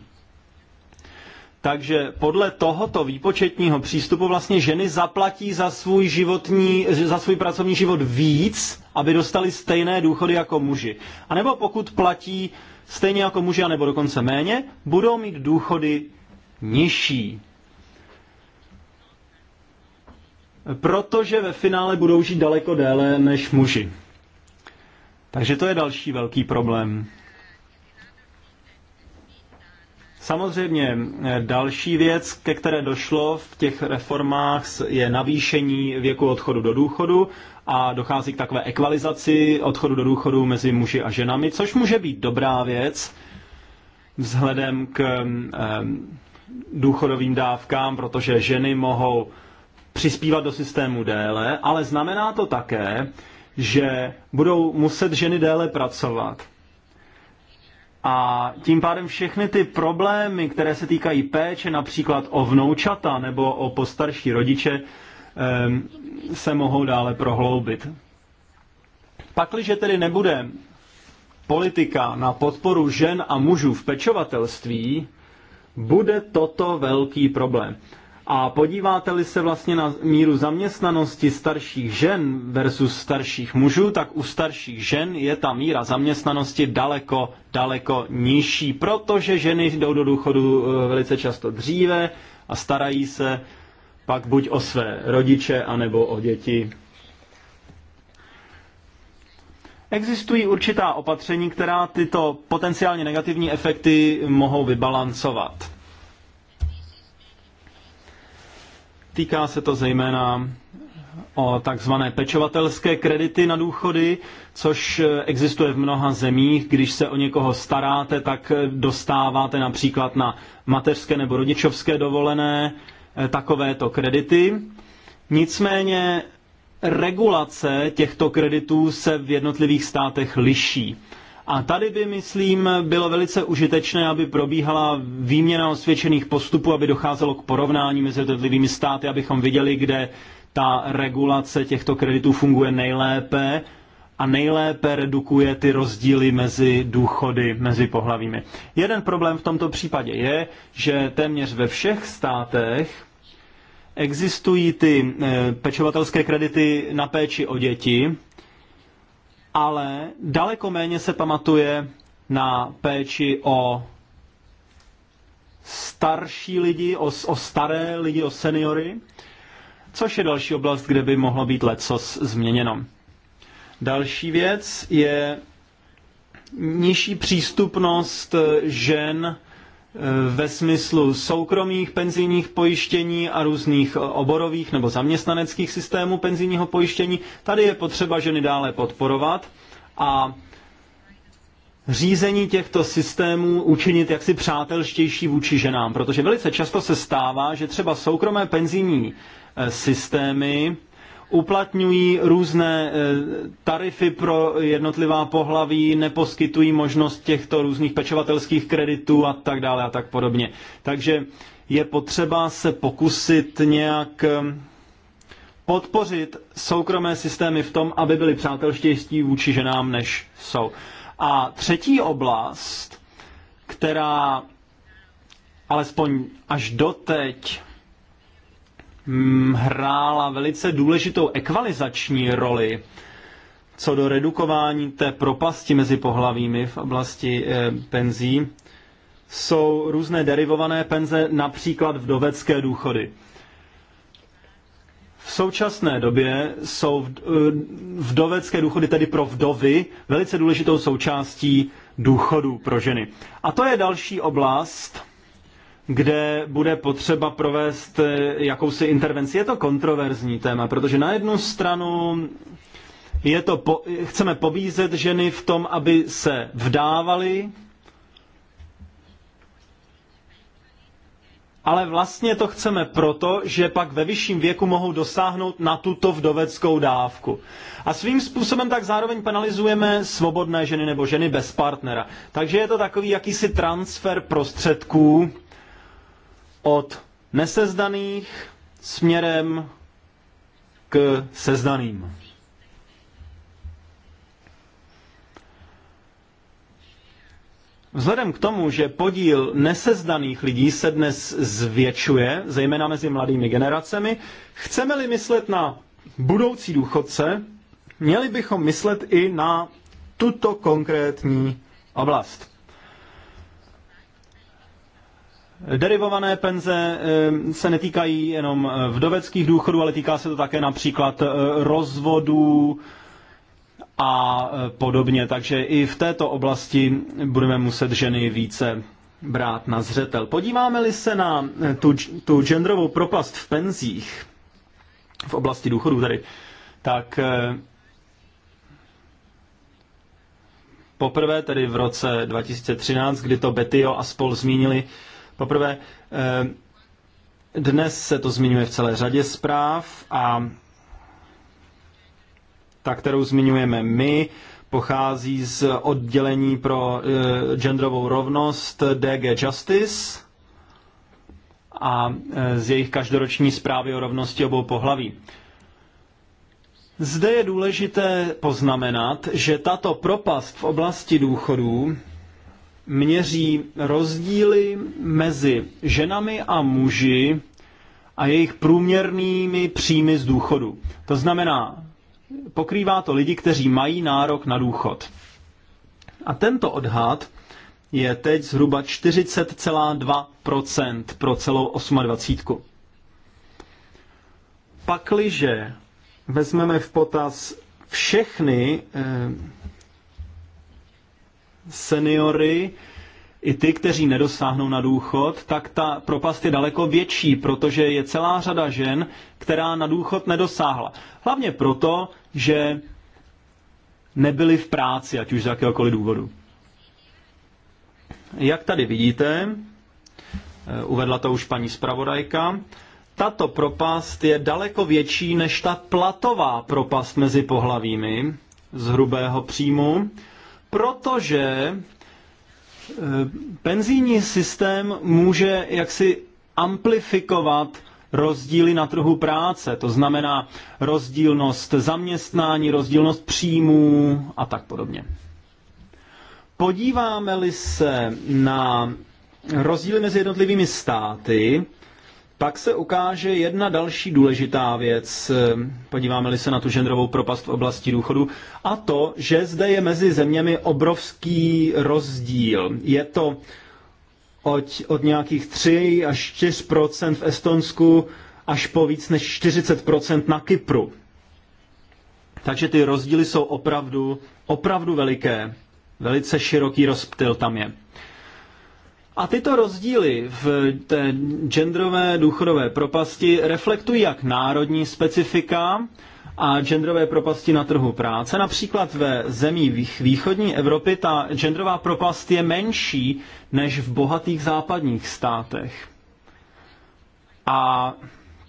Takže podle tohoto výpočetního přístupu vlastně ženy zaplatí za svůj, životní, za svůj pracovní život víc, aby dostali stejné důchody jako muži. A nebo pokud platí stejně jako muži, nebo dokonce méně, budou mít důchody nižší. Protože ve finále budou žít daleko déle než muži. Takže to je další velký problém. Samozřejmě eh, další věc, ke které došlo v těch reformách, je navýšení věku odchodu do důchodu a dochází k takové ekvalizaci odchodu do důchodu mezi muži a ženami, což může být dobrá věc vzhledem k ehm, důchodovým dávkám, protože ženy mohou přispívat do systému déle, ale znamená to také, že budou muset ženy déle pracovat a tím pádem všechny ty problémy, které se týkají péče, například o vnoučata nebo o postarší rodiče, se mohou dále prohloubit. Pakliže tedy nebude politika na podporu žen a mužů v pečovatelství, bude toto velký problém. A podíváte-li se vlastně na míru zaměstnanosti starších žen versus starších mužů, tak u starších žen je ta míra zaměstnanosti daleko, daleko nižší, protože ženy jdou do důchodu eh, velice často dříve a starají se pak buď o své rodiče, anebo o děti. Existují určitá opatření, která tyto potenciálně negativní efekty mohou vybalancovat. Týká se to zejména o takzvané pečovatelské kredity na důchody, což existuje v mnoha zemích. Když se o někoho staráte, tak dostáváte například na mateřské nebo rodičovské dovolené eh, takovéto kredity. Nicméně regulace těchto kreditů se v jednotlivých státech liší. A tady by, myslím, bylo velice užitečné, aby probíhala výměna osvědčených postupů, aby docházelo k porovnání mezi jednotlivými státy, abychom viděli, kde ta regulace těchto kreditů funguje nejlépe a nejlépe redukuje ty rozdíly mezi důchody, mezi pohlavími. Jeden problém v tomto případě je, že téměř ve všech státech existují ty eh, pečovatelské kredity na péči o děti, ale daleko méně se pamatuje na péči o starší lidi, o, o staré lidi, o seniory, což je další oblast, kde by mohlo být lecos změněno. Další věc je nižší přístupnost žen Eh, ve smyslu soukromých penzijních pojištění a různých eh, oborových nebo zaměstnaneckých systémů penzijního pojištění. Tady je potřeba ženy dále podporovat a řízení těchto systémů učinit jaksi přátelštější vůči ženám, protože velice často se stává, že třeba soukromé penzijní eh, systémy uplatňují různé eh, tarify pro jednotlivá pohlaví, neposkytují možnost těchto různých pečovatelských kreditů a tak dále a tak podobně. Takže je potřeba se pokusit nějak eh, podpořit soukromé systémy v tom, aby byly přátelštější vůči ženám, než jsou. A třetí oblast, která alespoň až doteď Mm, hrála velice důležitou ekvalizační roli co do redukování té propasti mezi pohlavími v oblasti eh, penzí, jsou různé derivované penze, například vdovecké důchody. V současné době jsou eh, vdovecké důchody tedy pro vdovy velice důležitou součástí důchodů pro ženy. A to je další oblast, kde bude potřeba provést eh, jakousi intervenci. Je to kontroverzní téma, protože na jednu stranu je to po, chceme pobízet ženy v tom, aby se vdávaly, ale vlastně to chceme proto, že pak ve vyšším věku mohou dosáhnout na tuto vdoveckou dávku. A svým způsobem tak zároveň penalizujeme svobodné ženy nebo ženy bez partnera. Takže je to takový jakýsi transfer prostředků, od nesezdaných směrem k sezdaným. Vzhledem k tomu, že podíl nesezdaných lidí se dnes zvětšuje, zejména mezi mladými generacemi, chceme-li myslet na budoucí důchodce, měli bychom myslet i na tuto konkrétní oblast. Derivované penze eh, se netýkají jenom eh, vdoveckých důchodů, ale týká se to také například eh, rozvodů a podobně. Takže i v této oblasti budeme muset ženy více brát na zřetel. Podíváme-li se na tu, tu genderovou propast v penzích, v oblasti důchodů tady, tak poprvé tedy v roce 2013, kdy to Betio a spol zmínili, Poprvé, eh, dnes se to zmiňuje v celé řadě zpráv a ta, kterou zmiňujeme my, pochází z oddělení pro eh, genderovou rovnost DG Justice a eh, z jejich každoroční zprávy o rovnosti obou pohlaví. Zde je důležité poznamenat, že tato propast v oblasti důchodů měří rozdíly mezi ženami a muži a jejich průměrnými příjmy z důchodu. To znamená, pokrývá to lidi, kteří mají nárok na důchod. A tento odhad je teď zhruba 40,2% pro celou 28. Pakliže vezmeme v potaz všechny eh, seniory, i ty, kteří nedosáhnou na důchod, tak ta propast je daleko větší, protože je celá řada žen, která na důchod nedosáhla. Hlavně proto, že nebyly v práci, ať už z jakéhokoliv důvodu. Jak tady vidíte, eh, uvedla to už paní zpravodajka, tato propast je daleko větší než ta platová propast mezi pohlavími z hrubého příjmu, protože eh, penzijní systém může jaksi amplifikovat rozdíly na trhu práce, to znamená rozdílnost zaměstnání, rozdílnost příjmů a tak podobně. Podíváme-li se na rozdíly mezi jednotlivými státy, pak se ukáže jedna další důležitá věc, podíváme-li se na tu genderovou propast v oblasti důchodu, a to, že zde je mezi zeměmi obrovský rozdíl. Je to od, od nějakých 3 až 4 v Estonsku až po víc než 40 na Kypru. Takže ty rozdíly jsou opravdu, opravdu veliké. Velice široký rozptyl tam je. A tyto rozdíly v té genderové důchodové propasti reflektují jak národní specifika a genderové propasti na trhu práce. Například ve zemích východní Evropy ta genderová propast je menší než v bohatých západních státech. A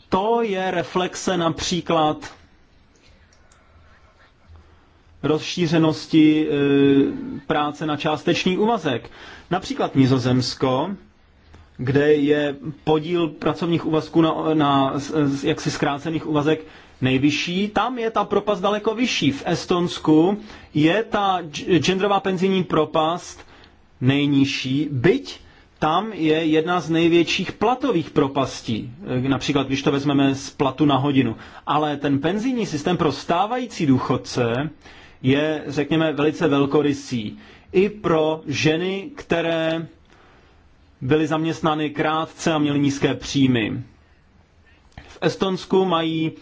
to je reflexe například rozšířenosti e, práce na částečný úvazek. Například Nizozemsko, kde je podíl pracovních úvazků na, na jaksi zkrácených úvazek nejvyšší, tam je ta propast daleko vyšší. V Estonsku je ta genderová penzijní propast nejnižší, byť tam je jedna z největších platových propastí, e, například když to vezmeme z platu na hodinu. Ale ten penzijní systém pro stávající důchodce je, řekněme, velice velkorysý. I pro ženy, které byly zaměstnány krátce a měly nízké příjmy. V Estonsku mají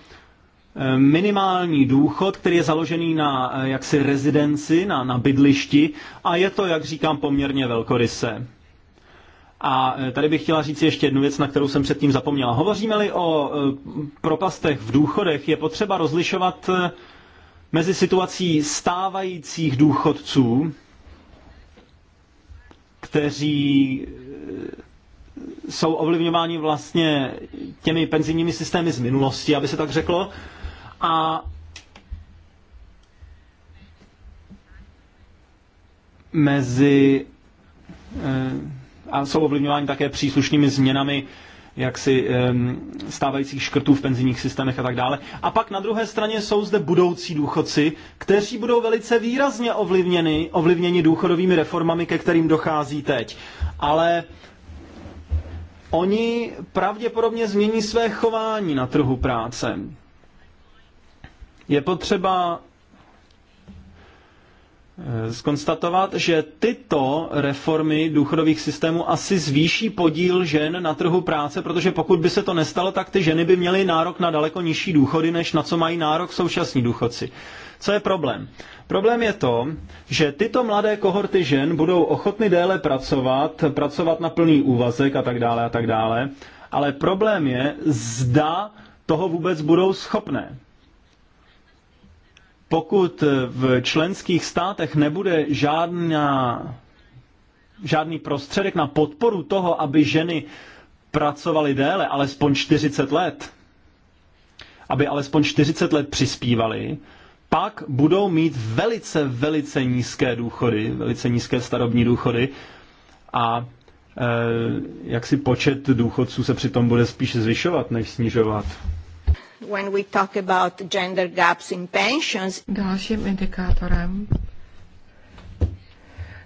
eh, minimální důchod, který je založený na eh, jaksi rezidenci, na, na bydlišti a je to, jak říkám, poměrně velkoryse. A eh, tady bych chtěla říct ještě jednu věc, na kterou jsem předtím zapomněla. Hovoříme-li o propastech v důchodech, je potřeba rozlišovat mezi situací stávajících důchodců, kteří eh, jsou ovlivňováni vlastně těmi penzijními systémy z minulosti, aby se tak řeklo, a mezi eh, a jsou ovlivňováni také příslušnými změnami jaksi stávajících škrtů v penzijních systémech a tak dále. A pak na druhé straně jsou zde budoucí důchodci, kteří budou velice výrazně ovlivněni, ovlivněni důchodovými reformami, ke kterým dochází teď. Ale oni pravděpodobně změní své chování na trhu práce. Je potřeba Eh, skonstatovat, že tyto reformy důchodových systémů asi zvýší podíl žen na trhu práce, protože pokud by se to nestalo, tak ty ženy by měly nárok na daleko nižší důchody, než na co mají nárok současní důchodci. Co je problém? Problém je to, že tyto mladé kohorty žen budou ochotny déle pracovat, pracovat na plný úvazek a tak dále a tak dále, ale problém je, zda toho vůbec budou schopné. Pokud eh, v členských státech nebude žádná, žádný prostředek na podporu toho, aby ženy pracovaly déle, alespoň 40 let, aby alespoň 40 let přispívaly, pak budou mít velice, velice nízké důchody, velice nízké starobní důchody a e, eh, jak si počet důchodců se přitom bude spíše zvyšovat, než snižovat when we talk about gender gaps in pensions. Dalším indikátorem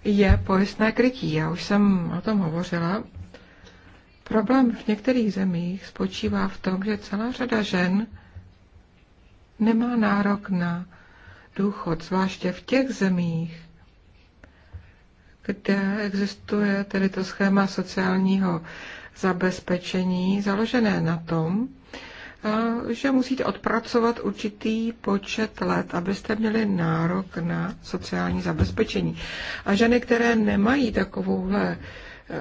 je pojistné krytí. Já už jsem o tom hovořila. Problém v některých zemích spočívá v tom, že celá řada žen nemá nárok na důchod, zvláště v těch zemích, kde existuje tedy to schéma sociálního zabezpečení založené na tom, Eh, že musíte odpracovat určitý počet let, abyste měli nárok na sociální zabezpečení. A ženy, které nemají takovouhle eh,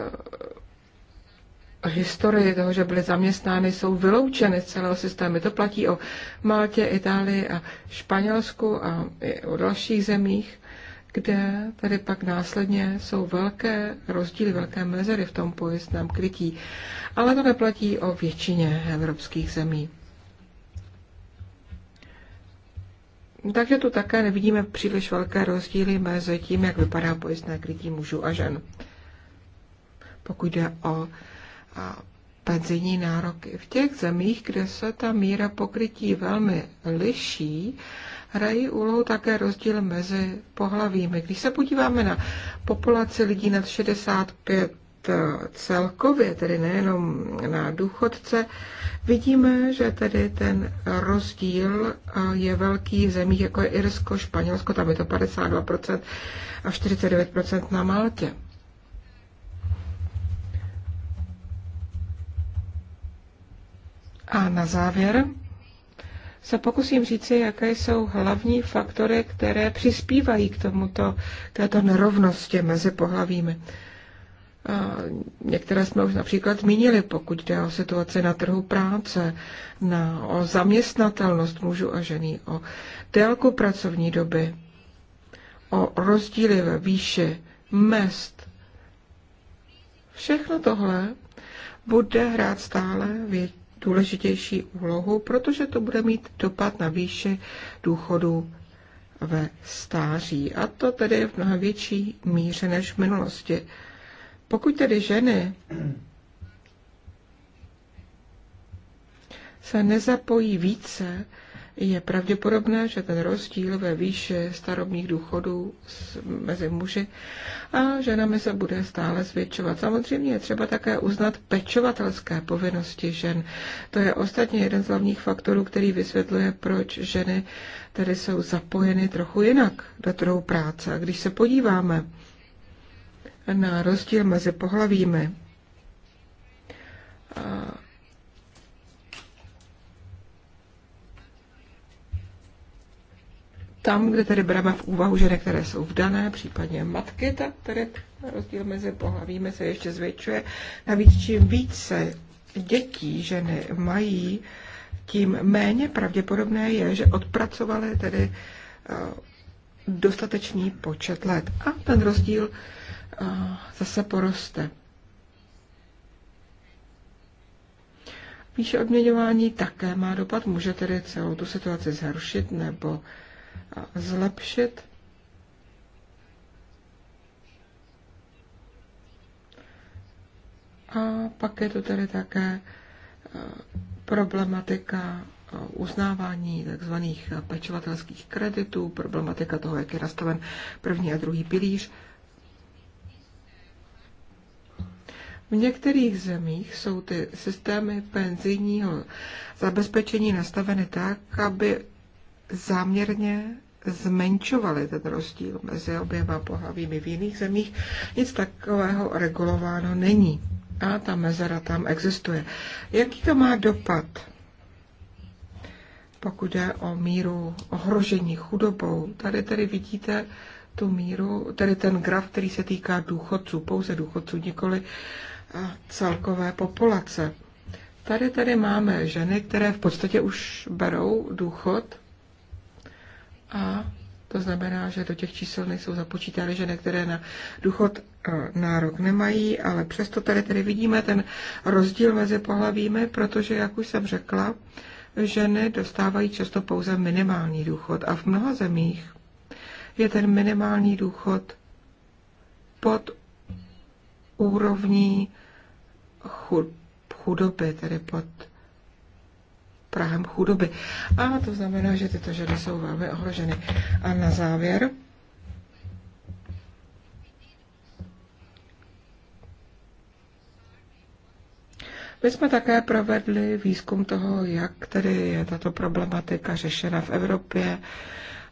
historii toho, že byly zaměstnány, jsou vyloučeny z celého systému. To platí o Maltě, Itálii a Španělsku a i o dalších zemích kde tedy pak následně jsou velké rozdíly, velké mezery v tom pojistném krytí. Ale to neplatí o většině evropských zemí. Takže tu také nevidíme příliš velké rozdíly mezi tím, jak vypadá pojistné krytí mužů a žen. Pokud jde o penzijní nároky. V těch zemích, kde se ta míra pokrytí velmi liší, Hrají úlohu také rozdíl mezi pohlavími. Když se podíváme na populaci lidí nad 65 eh, celkově, tedy nejenom na důchodce, vidíme, že tedy ten rozdíl eh, je velký v zemích, jako je Irsko, Španělsko, tam je to 52% a 49% na Maltě. A na závěr se pokusím říci, jaké jsou hlavní faktory, které přispívají k tomuto, této nerovnosti mezi pohlavími. A některé jsme už například zmínili, pokud jde o situaci na trhu práce, na, o zaměstnatelnost mužů a žení, o délku pracovní doby, o rozdíly ve výši mest. Všechno tohle bude hrát stále větší důležitější úlohu, protože to bude mít dopad na výše důchodu ve stáří. A to tedy v mnohem větší míře než v minulosti. Pokud tedy ženy se nezapojí více je pravděpodobné, že ten rozdíl ve výše starobních důchodů mezi muži a ženami se bude stále zvětšovat. Samozřejmě je třeba také uznat pečovatelské povinnosti žen. To je ostatně jeden z hlavních faktorů, který vysvětluje, proč ženy tedy jsou zapojeny trochu jinak do trhu práce. A když se podíváme na rozdíl mezi pohlavími, tam, kde tedy bereme v úvahu ženy, které jsou vdané, případně matky, tak tedy rozdíl mezi pohlavími se ještě zvětšuje. Navíc čím více dětí ženy mají, tím méně pravděpodobné je, že odpracovaly tedy eh, dostatečný počet let. A ten rozdíl eh, zase poroste. Výše odměňování také má dopad, může tedy celou tu situaci zhoršit nebo zlepšit. A pak je to tedy také e, problematika e, uznávání tzv. pečovatelských kreditů, problematika toho, jak je nastaven první a druhý pilíř. V některých zemích jsou ty systémy penzijního zabezpečení nastaveny tak, aby záměrně zmenšovali ten rozdíl mezi oběma pohlavími. V jiných zemích nic takového regulováno není. A ta mezera tam existuje. Jaký to má dopad, pokud jde o míru ohrožení chudobou? Tady tedy vidíte tu míru, tedy ten graf, který se týká důchodců, pouze důchodců, nikoli celkové populace. Tady tady máme ženy, které v podstatě už berou důchod a to znamená, že do těch čísel nejsou započítány, že některé na důchod eh, nárok nemají, ale přesto tady tedy vidíme ten rozdíl mezi pohlavími, protože, jak už jsem řekla, ženy dostávají často pouze minimální důchod a v mnoha zemích je ten minimální důchod pod úrovní chudoby, tedy pod Prahem chudoby. A to znamená, že tyto ženy jsou velmi ohroženy. A na závěr. My jsme také provedli výzkum toho, jak tedy je tato problematika řešena v Evropě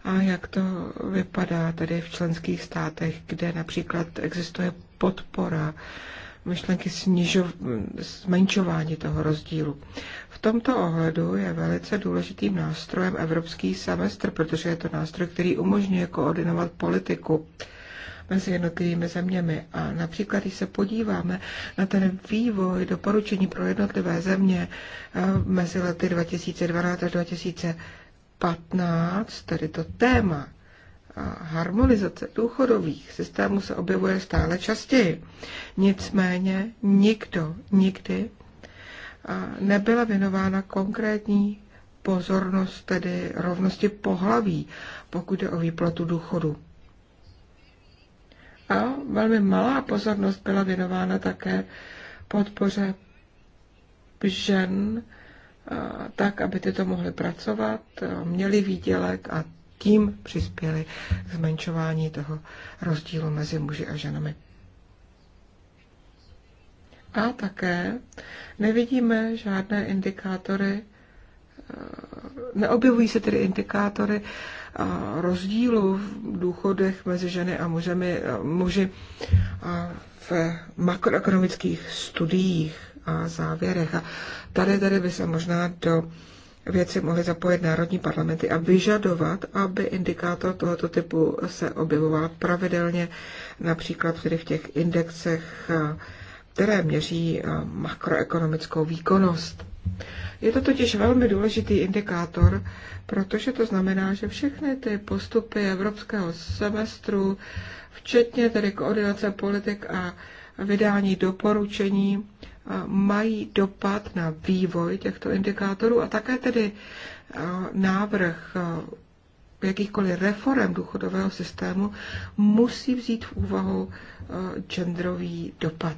a jak to vypadá tedy v členských státech, kde například existuje podpora myšlenky snižov, zmenšování toho rozdílu tomto ohledu je velice důležitým nástrojem evropský semestr, protože je to nástroj, který umožňuje koordinovat politiku mezi jednotlivými zeměmi. A například, když se podíváme na ten vývoj doporučení pro jednotlivé země eh, mezi lety 2012 až 2015, tedy to téma eh, harmonizace důchodových systémů se objevuje stále častěji. Nicméně nikdo nikdy nebyla věnována konkrétní pozornost tedy rovnosti pohlaví, pokud je o výplatu důchodu. A velmi malá pozornost byla věnována také podpoře žen, tak, aby tyto mohly pracovat, měli výdělek a tím přispěli k zmenšování toho rozdílu mezi muži a ženami. A také nevidíme žádné indikátory, eh, neobjevují se tedy indikátory eh, rozdílu v důchodech mezi ženy a mužemi, eh, muži v makroekonomických studiích a závěrech. A tady, tady by se možná do věci mohly zapojit národní parlamenty a vyžadovat, aby indikátor tohoto typu se objevoval pravidelně, například tedy v těch indexech které měří eh, makroekonomickou výkonnost. Je to totiž velmi důležitý indikátor, protože to znamená, že všechny ty postupy evropského semestru, včetně tedy koordinace politik a vydání doporučení, eh, mají dopad na vývoj těchto indikátorů a také tedy eh, návrh jakýchkoliv reform důchodového systému musí vzít v úvahu genderový dopad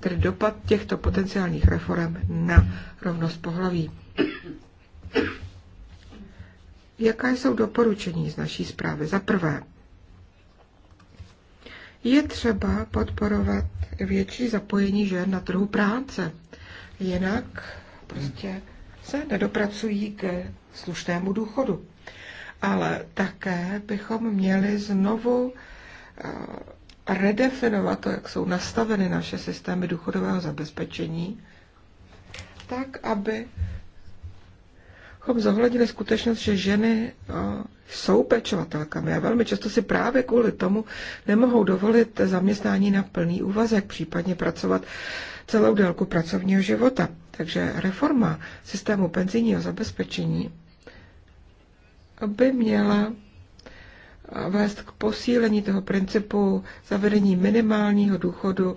tedy dopad těchto potenciálních reform na rovnost pohlaví. Jaká jsou doporučení z naší zprávy? Za prvé, je třeba podporovat větší zapojení žen na trhu práce. Jinak prostě se nedopracují ke slušnému důchodu. Ale také bychom měli znovu eh, redefinovat to, jak jsou nastaveny naše systémy důchodového zabezpečení, tak, aby abychom zohlednili skutečnost, že ženy eh, jsou pečovatelkami a velmi často si právě kvůli tomu nemohou dovolit zaměstnání na plný úvazek, případně pracovat celou délku pracovního života. Takže reforma systému penzijního zabezpečení by měla vést k posílení toho principu zavedení minimálního důchodu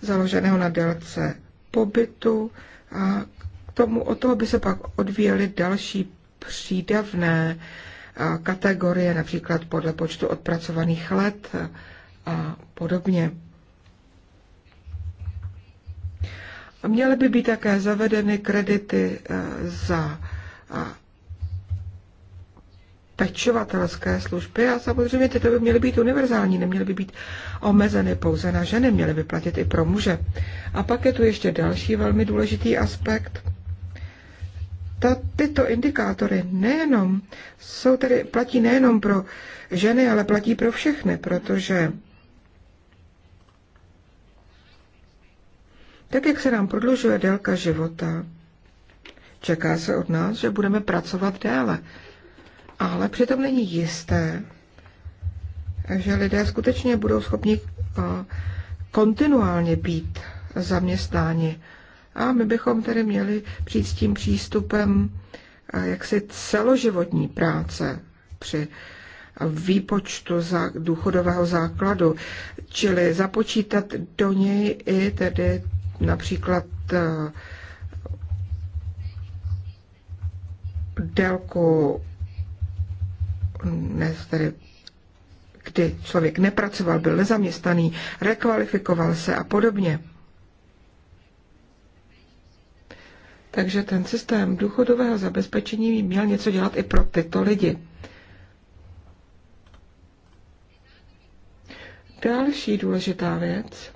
založeného na délce pobytu a k tomu, o toho by se pak odvíjely další přídavné kategorie, například podle počtu odpracovaných let a podobně. Měly by být také zavedeny kredity za pečovatelské služby a samozřejmě tyto by měly být univerzální, neměly by být omezeny pouze na ženy, měly by platit i pro muže. A pak je tu ještě další velmi důležitý aspekt. Ta, tyto indikátory nejenom jsou tedy, platí nejenom pro ženy, ale platí pro všechny, protože tak, jak se nám prodlužuje délka života, čeká se od nás, že budeme pracovat déle ale přitom není jisté, že lidé skutečně budou schopni eh, kontinuálně být zaměstnáni. A my bychom tedy měli přijít s tím přístupem eh, jaksi celoživotní práce při výpočtu za důchodového základu, čili započítat do něj i tedy například eh, délku ne, tedy kdy člověk nepracoval, byl nezaměstnaný, rekvalifikoval se a podobně. Takže ten systém důchodového zabezpečení měl něco dělat i pro tyto lidi. Další důležitá věc,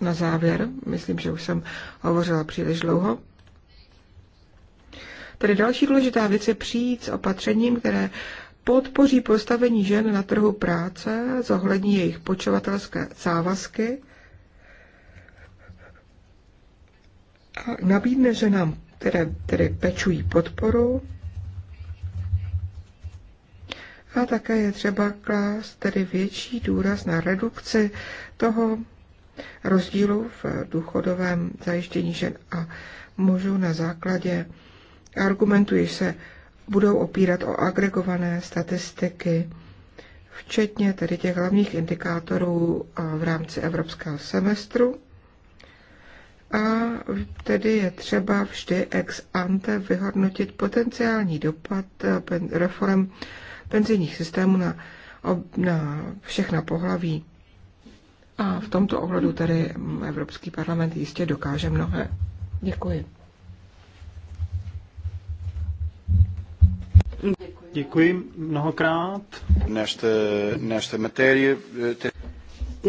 na závěr, myslím, že už jsem hovořila příliš dlouho, Tedy další důležitá věc je přijít s opatřením, které podpoří postavení žen na trhu práce, zohlední jejich počovatelské závazky a nabídne ženám, které, které pečují podporu, a také je třeba klást tedy větší důraz na redukci toho rozdílu v důchodovém zajištění žen a mužů na základě argumentu, se budou opírat o agregované statistiky, včetně tedy těch hlavních indikátorů v rámci evropského semestru. A tedy je třeba vždy ex ante vyhodnotit potenciální dopad reform penzijních systémů na, na všechna pohlaví. A v tomto ohledu tedy mm, Evropský parlament jistě dokáže mnohé. Děkuji. Děkuji mnohokrát. Nesta, nesta materie...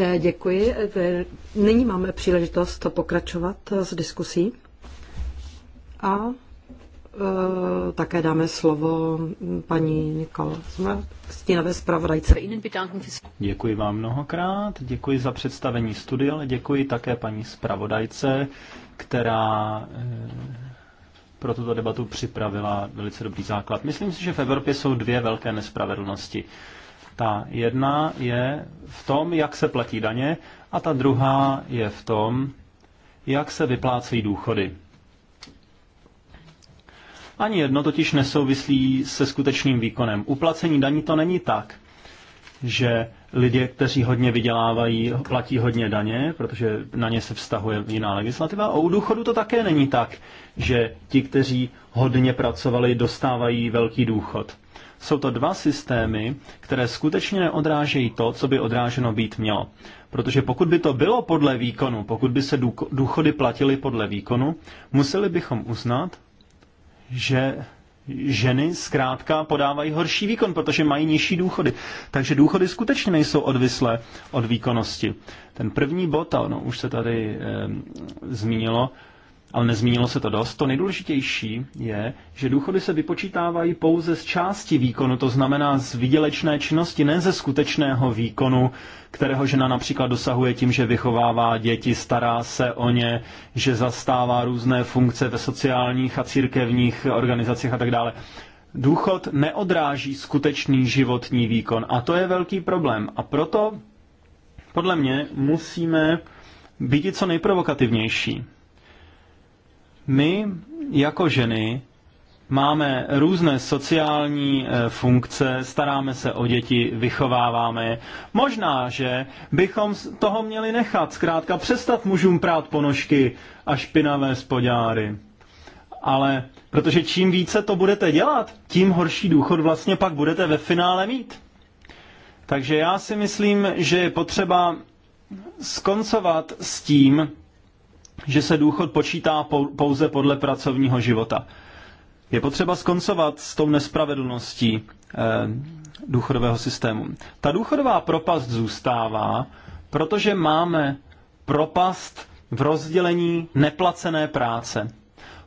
Eh, děkuji. Eh, nyní máme příležitost pokračovat eh, s diskusí a e, také dáme slovo paní Nikol Stínové zpravodajce. Děkuji vám mnohokrát, děkuji za představení studia, děkuji také paní zpravodajce, která e, pro tuto debatu připravila velice dobrý základ. Myslím si, že v Evropě jsou dvě velké nespravedlnosti. Ta jedna je v tom, jak se platí daně, a ta druhá je v tom, jak se vyplácejí důchody. Ani jedno totiž nesouvislí se skutečným výkonem. Uplacení daní to není tak, že lidé, kteří hodně vydělávají, platí hodně daně, protože na ně se vztahuje jiná legislativa. A u důchodu to také není tak, že ti, kteří hodně pracovali, dostávají velký důchod. Jsou to dva systémy, které skutečně neodrážejí to, co by odráženo být mělo. Protože pokud by to bylo podle výkonu, pokud by se důchody platily podle výkonu, museli bychom uznat, že ženy zkrátka podávají horší výkon, protože mají nižší důchody. Takže důchody skutečně nejsou odvislé od výkonnosti. Ten první bod, a ono už se tady e, zmínilo, ale nezmínilo se to dost. To nejdůležitější je, že důchody se vypočítávají pouze z části výkonu, to znamená z výdělečné činnosti, ne ze skutečného výkonu, kterého žena například dosahuje tím, že vychovává děti, stará se o ně, že zastává různé funkce ve sociálních a církevních organizacích a tak dále. Důchod neodráží skutečný životní výkon a to je velký problém. A proto, podle mě, musíme být co nejprovokativnější. My jako ženy máme různé sociální eh, funkce, staráme se o děti, vychováváme je. Možná, že bychom toho měli nechat, zkrátka přestat mužům prát ponožky a špinavé spodáry. Ale protože čím více to budete dělat, tím horší důchod vlastně pak budete ve finále mít. Takže já si myslím, že je potřeba skoncovat s tím, že se důchod počítá pouze podle pracovního života. Je potřeba skoncovat s tou nespravedlností eh, důchodového systému. Ta důchodová propast zůstává, protože máme propast v rozdělení neplacené práce.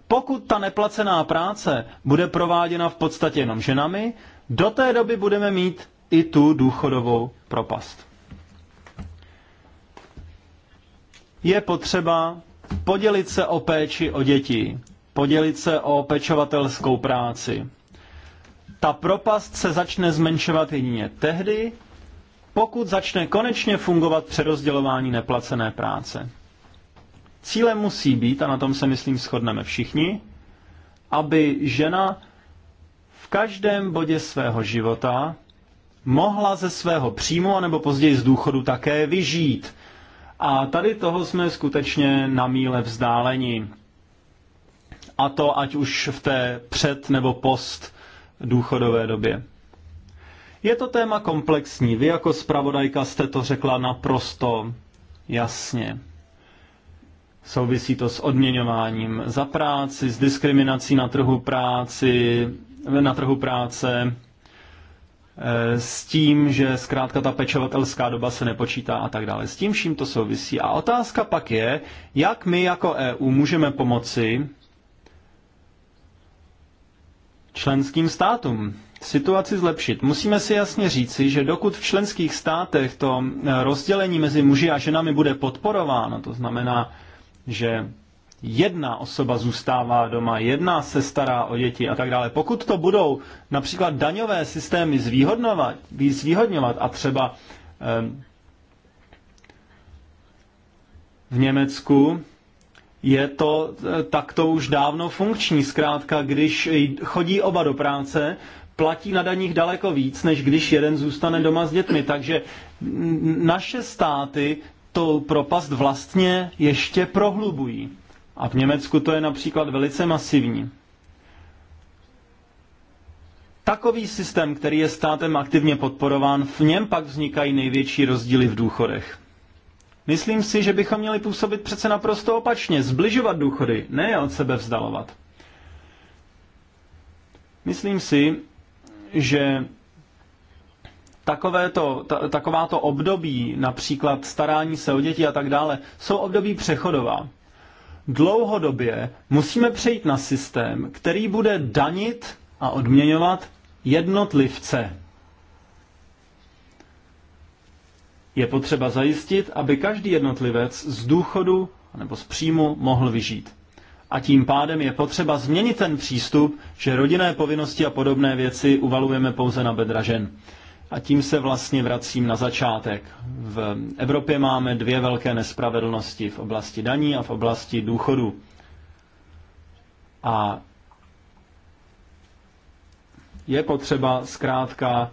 Pokud ta neplacená práce bude prováděna v podstatě jenom ženami, do té doby budeme mít i tu důchodovou propast. Je potřeba podělit se o péči o děti, podělit se o pečovatelskou práci. Ta propast se začne zmenšovat jedině tehdy, pokud začne konečně fungovat přerozdělování neplacené práce. Cílem musí být, a na tom se myslím shodneme všichni, aby žena v každém bodě svého života mohla ze svého příjmu anebo později z důchodu také vyžít. A tady toho jsme skutečně na míle vzdálení. A to ať už v té před nebo post důchodové době. Je to téma komplexní. Vy jako zpravodajka jste to řekla naprosto jasně. Souvisí to s odměňováním za práci, s diskriminací na trhu práci, na trhu práce, Eh, s tím, že zkrátka ta pečovatelská doba se nepočítá a tak dále. S tím vším to souvisí. A otázka pak je, jak my jako EU můžeme pomoci členským státům situaci zlepšit. Musíme si jasně říci, že dokud v členských státech to eh, rozdělení mezi muži a ženami bude podporováno, to znamená, že jedna osoba zůstává doma, jedna se stará o děti a tak dále. Pokud to budou například daňové systémy zvýhodňovat, zvýhodňovat a třeba v Německu je to e, takto už dávno funkční. Zkrátka, když chodí oba do práce, platí na daních daleko víc, než když jeden zůstane doma s dětmi. Takže naše státy tou propast vlastně ještě prohlubují. A v Německu to je například velice masivní. Takový systém, který je státem aktivně podporován, v něm pak vznikají největší rozdíly v důchodech. Myslím si, že bychom měli působit přece naprosto opačně, zbližovat důchody, ne je od sebe vzdalovat. Myslím si, že takové to, ta, takováto období, například starání se o děti a tak dále, jsou období přechodová dlouhodobě musíme přejít na systém, který bude danit a odměňovat jednotlivce. Je potřeba zajistit, aby každý jednotlivec z důchodu nebo z příjmu mohl vyžít. A tím pádem je potřeba změnit ten přístup, že rodinné povinnosti a podobné věci uvalujeme pouze na bedra žen. A tím se vlastně vracím na začátek. V Evropě máme dvě velké nespravedlnosti v oblasti daní a v oblasti důchodu. A je potřeba zkrátka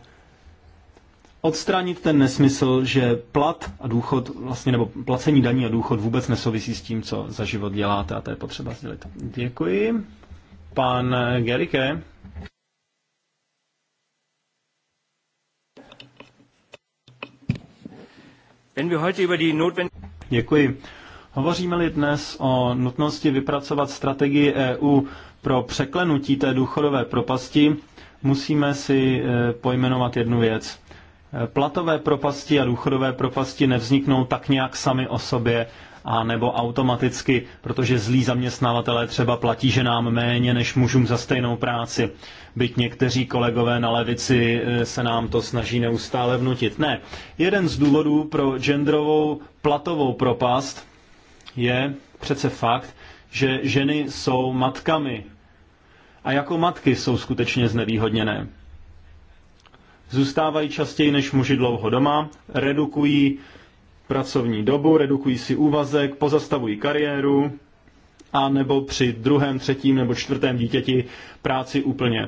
odstranit ten nesmysl, že plat a důchod, vlastně nebo placení daní a důchod vůbec nesouvisí s tím, co za život děláte a to je potřeba sdělit. Děkuji. Pan Gerike. Děkuji. Hovoříme-li dnes o nutnosti vypracovat strategii EU pro překlenutí té důchodové propasti, musíme si e, pojmenovat jednu věc. E, platové propasti a důchodové propasti nevzniknou tak nějak sami o sobě a nebo automaticky, protože zlí zaměstnavatelé třeba platí ženám méně než mužům za stejnou práci. Byť někteří kolegové na levici eh, se nám to snaží neustále vnutit. Ne, jeden z důvodů pro genderovou platovou propast je přece fakt, že ženy jsou matkami. A jako matky jsou skutečně znevýhodněné zůstávají častěji než muži dlouho doma, redukují pracovní dobu, redukují si úvazek, pozastavují kariéru a nebo při druhém, třetím nebo čtvrtém dítěti práci úplně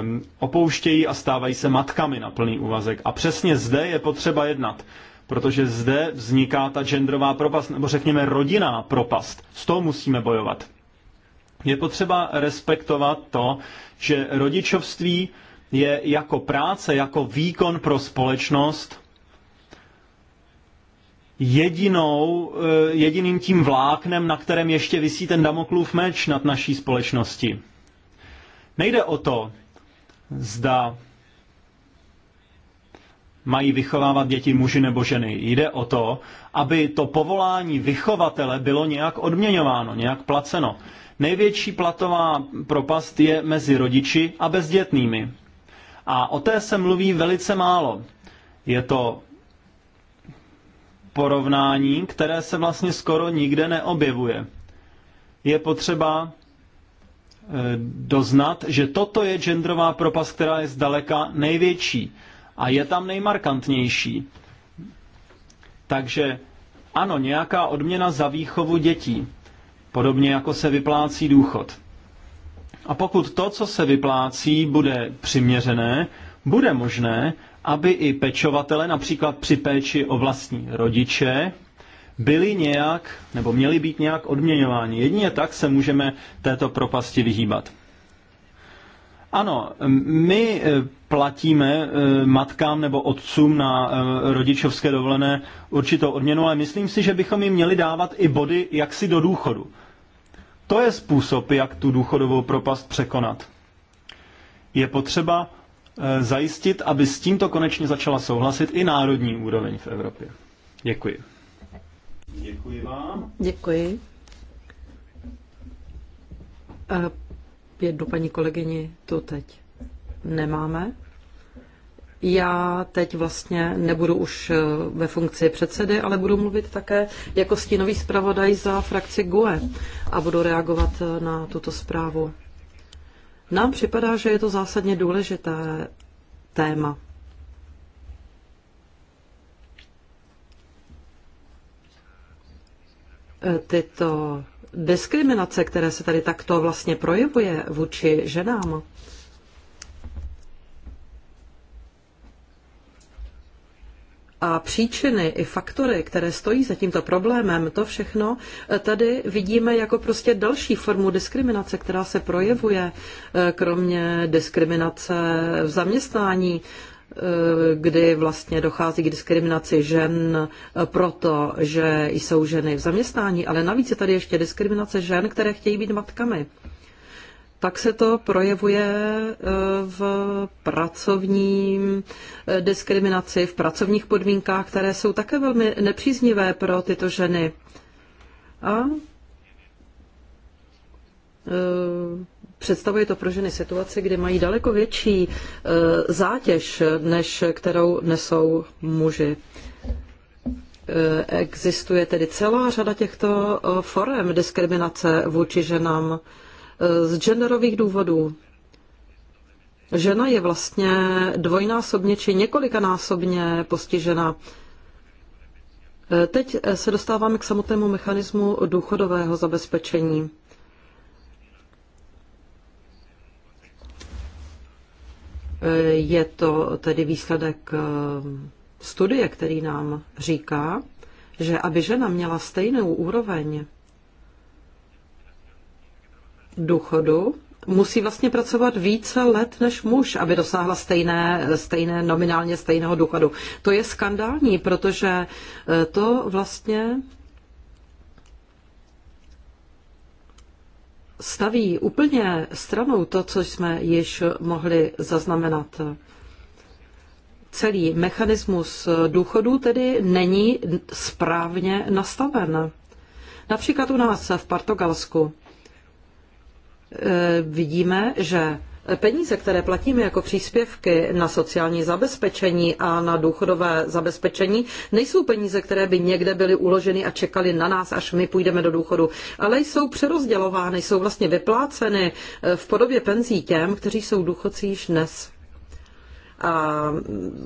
um, opouštějí a stávají se matkami na plný úvazek. A přesně zde je potřeba jednat, protože zde vzniká ta genderová propast, nebo řekněme rodinná propast. S tou musíme bojovat. Je potřeba respektovat to, že rodičovství je jako práce, jako výkon pro společnost jedinou, eh, jediným tím vláknem, na kterém ještě visí ten Damoklův meč nad naší společností. Nejde o to, zda mají vychovávat děti muži nebo ženy. Jde o to, aby to povolání vychovatele bylo nějak odměňováno, nějak placeno. Největší platová propast je mezi rodiči a bezdětnými. A o té se mluví velice málo. Je to porovnání, které se vlastně skoro nikde neobjevuje. Je potřeba eh, doznat, že toto je genderová propast, která je zdaleka největší a je tam nejmarkantnější. Takže ano, nějaká odměna za výchovu dětí, podobně jako se vyplácí důchod. A pokud to, co se vyplácí, bude přiměřené, bude možné, aby i pečovatele, například při péči o vlastní rodiče, byli nějak, nebo měli být nějak odměňováni. Jedině tak se můžeme této propasti vyhýbat. Ano, my e, platíme e, matkám nebo otcům na e, rodičovské dovolené určitou odměnu, ale myslím si, že bychom jim měli dávat i body jaksi do důchodu. To je způsob, jak tu důchodovou propast překonat. Je potřeba Eh, zajistit, aby s tímto konečně začala souhlasit i národní úroveň v Evropě. Děkuji. Děkuji vám. Děkuji. Eh, do paní kolegyni to teď nemáme. Já teď vlastně nebudu už eh, ve funkci předsedy, ale budu mluvit také jako stínový zpravodaj za frakci GUE a budu reagovat na tuto zprávu. Nám připadá, že je to zásadně důležité téma. Tyto diskriminace, které se tady takto vlastně projevuje vůči ženám, a příčiny i faktory, které stojí za tímto problémem, to všechno eh, tady vidíme jako prostě další formu diskriminace, která se projevuje, eh, kromě diskriminace v zaměstnání, eh, kdy vlastně dochází k diskriminaci žen proto, že jsou ženy v zaměstnání, ale navíc je tady ještě diskriminace žen, které chtějí být matkami pak se to projevuje e, v pracovní e, diskriminaci, v pracovních podmínkách, které jsou také velmi nepříznivé pro tyto ženy. A e, představuje to pro ženy situaci, kdy mají daleko větší zátěž, než kterou nesou muži. Existuje tedy celá řada těchto forem diskriminace vůči ženám z genderových důvodů. Žena je vlastně dvojnásobně či několikanásobně postižena. Teď se dostáváme k samotnému mechanismu důchodového zabezpečení. Je to tedy výsledek um, studie, který nám říká, že aby žena měla stejnou úroveň důchodu musí vlastně pracovat více let než muž, aby dosáhla stejné, stejné nominálně stejného důchodu. To je skandální, protože eh, to vlastně staví úplně stranou to, co jsme již mohli zaznamenat. Celý mechanismus eh, důchodů tedy není správně nastaven. Například u nás v Portugalsku Eh, vidíme, že peníze, které platíme jako příspěvky na sociální zabezpečení a na důchodové zabezpečení, nejsou peníze, které by někde byly uloženy a čekaly na nás, až my půjdeme do důchodu, ale jsou přerozdělovány, jsou vlastně vypláceny eh, v podobě penzí těm, kteří jsou důchodci již dnes. A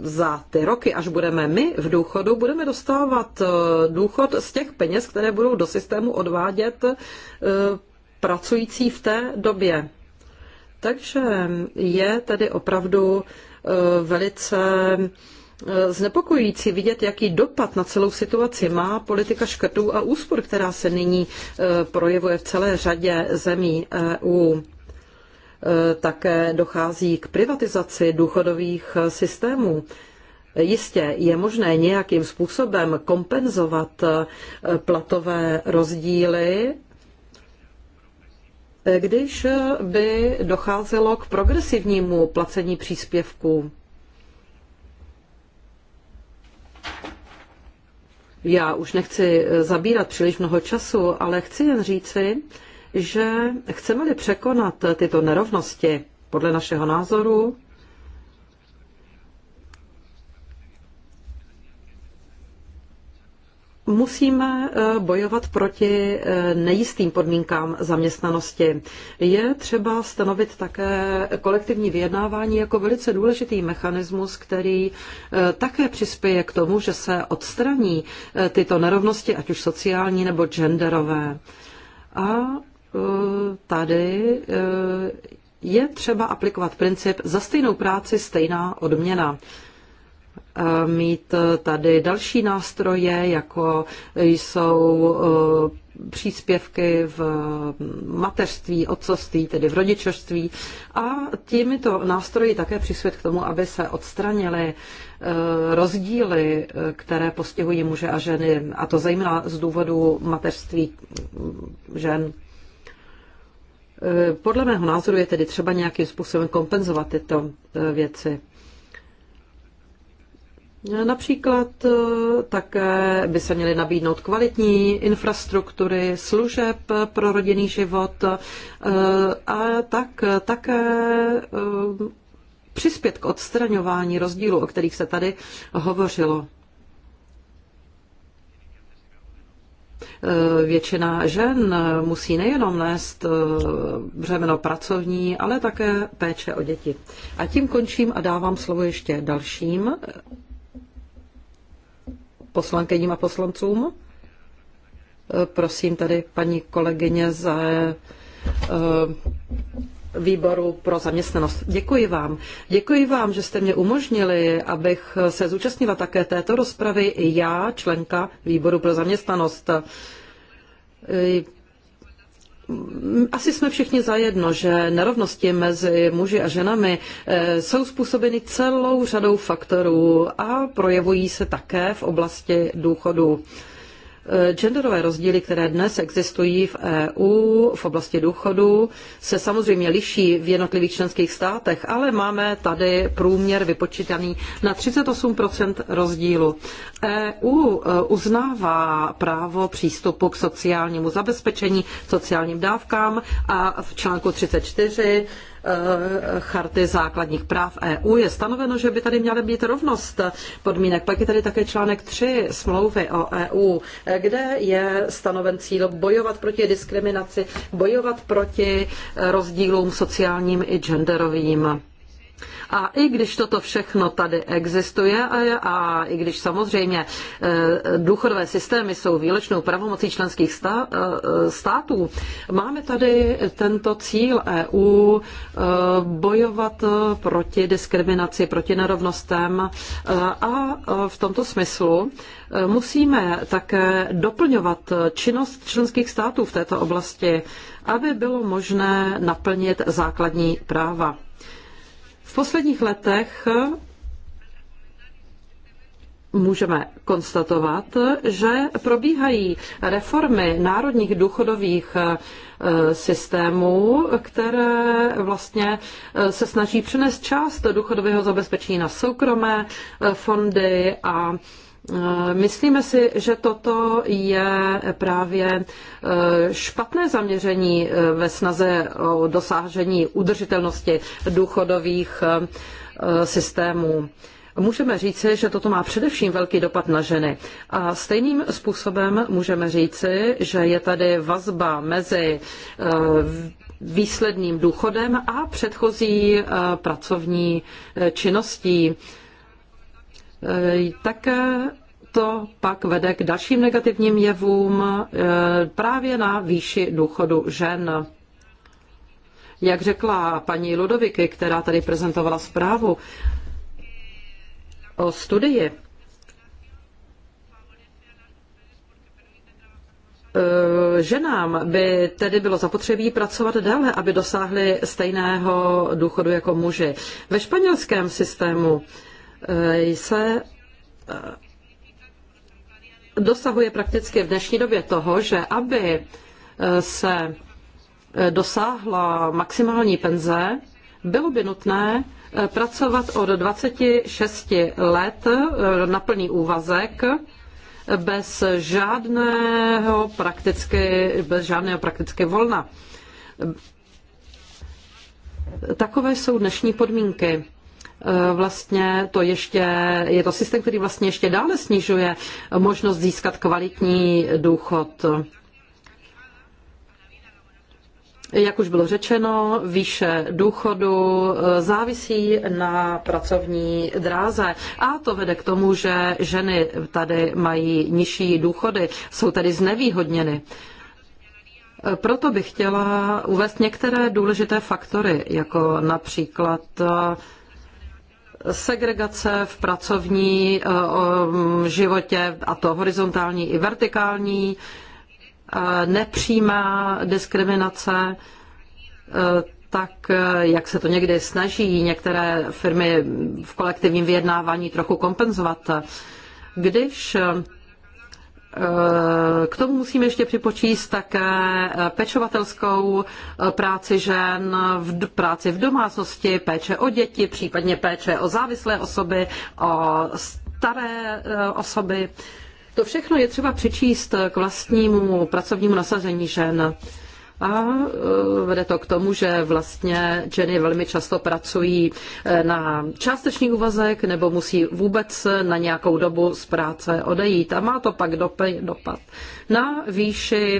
za ty roky, až budeme my v důchodu, budeme dostávat eh, důchod z těch peněz, které budou do systému odvádět pracující v té době. Takže je tedy opravdu e, velice e, znepokojící vidět, jaký dopad na celou situaci má politika škrtů a úspor, která se nyní e, projevuje v celé řadě zemí EU. Také dochází k privatizaci důchodových systémů. Jistě je možné nějakým způsobem kompenzovat platové rozdíly když by docházelo k progresivnímu placení příspěvků. Já už nechci zabírat příliš mnoho času, ale chci jen říci, že chceme-li překonat tyto nerovnosti, podle našeho názoru, Musíme eh, bojovat proti eh, nejistým podmínkám zaměstnanosti. Je třeba stanovit také kolektivní vyjednávání jako velice důležitý mechanismus, který eh, také přispěje k tomu, že se odstraní tyto nerovnosti, ať už sociální nebo genderové. A tady je třeba aplikovat princip za stejnou práci stejná odměna. Eh, mít eh, tady další nástroje, jako jsou eh, příspěvky v mateřství, otcovství, tedy v rodičovství. A těmito nástroji také přispět k tomu, aby se odstranily rozdíly, které postihují muže a ženy, a to zejména z důvodu mateřství mm, žen. Podle mého názoru je tedy třeba nějakým způsobem kompenzovat tyto věci. Například eh, také by se měly nabídnout kvalitní infrastruktury, služeb pro rodinný život eh, a tak také eh, přispět k odstraňování rozdílů, o kterých se tady hovořilo. Většina žen musí nejenom nést břemeno pracovní, ale také péče o děti. A tím končím a dávám slovo ještě dalším poslankyním a poslancům. Eh, prosím tady paní kolegyně za eh, výboru pro zaměstnanost. Děkuji vám. Děkuji vám, že jste mě umožnili, abych se zúčastnila také této rozpravy i já, členka výboru pro zaměstnanost. Eh, asi jsme všichni zajedno, že nerovnosti mezi muži a ženami eh, jsou způsobeny celou řadou faktorů a projevují se také v oblasti důchodu. Eh, genderové rozdíly, které dnes existují v EU v oblasti důchodu, se samozřejmě liší v jednotlivých členských státech, ale máme tady průměr vypočítaný na 38 rozdílu. EU eh, uznává právo přístupu k sociálnímu zabezpečení, sociálním dávkám a v článku 34 Eh, charty základních práv EU je stanoveno, že by tady měla být rovnost podmínek. Pak je tady také článek 3 smlouvy o EU, eh, kde je stanoven cíl bojovat proti diskriminaci, bojovat proti eh, rozdílům sociálním i genderovým. A i když toto všechno tady existuje a, a i když samozřejmě e, důchodové systémy jsou výlečnou pravomocí členských e, států, máme tady tento cíl EU e, bojovat proti diskriminaci, proti nerovnostem a v tomto smyslu musíme také doplňovat činnost členských států v této oblasti, aby bylo možné naplnit základní práva. V posledních letech můžeme konstatovat, že probíhají reformy národních důchodových eh, systémů, které vlastně eh, se snaží přenést část důchodového zabezpečení na soukromé eh, fondy a Eh, myslíme si, že toto je právě eh, špatné zaměření eh, ve snaze o dosážení udržitelnosti důchodových systémů. Můžeme říci, že toto má především velký dopad na ženy. A stejným způsobem můžeme říci, že je tady vazba mezi výsledným důchodem a předchozí pracovní činností Eh, také to pak vede k dalším negativním jevům eh, právě na výši důchodu žen. Jak řekla paní Ludoviky, která tady prezentovala zprávu o studii, eh, Ženám by tedy bylo zapotřebí pracovat déle, aby dosáhly stejného důchodu jako muži. Ve španělském systému Eh, se eh, dosahuje prakticky v dnešní době toho, že aby eh, se dosáhla maximální penze, bylo by nutné pracovat od 26 let na plný úvazek bez žádného prakticky, bez žádného prakticky volna. Takové jsou dnešní podmínky. E, vlastně to ještě, je to systém, který vlastně ještě dále snižuje možnost získat kvalitní důchod. Jak už bylo řečeno, výše důchodu e, závisí na pracovní dráze a to vede k tomu, že ženy tady mají nižší důchody, jsou tady znevýhodněny. E, proto bych chtěla uvést některé důležité faktory, jako například segregace v pracovní eh, mm, životě, a to horizontální i vertikální, eh, nepřímá diskriminace, eh, tak jak se to někdy snaží některé firmy v kolektivním vyjednávání trochu kompenzovat. Když k tomu musíme ještě připočíst také pečovatelskou práci žen, v práci v domácnosti, péče o děti, případně péče o závislé osoby, o staré eh, osoby. To všechno je třeba přičíst k vlastnímu pracovnímu nasazení žen a e, vede to k tomu, že vlastně ženy velmi často pracují e, na částečný úvazek nebo musí vůbec na nějakou dobu z práce odejít. A má to pak dopad na výši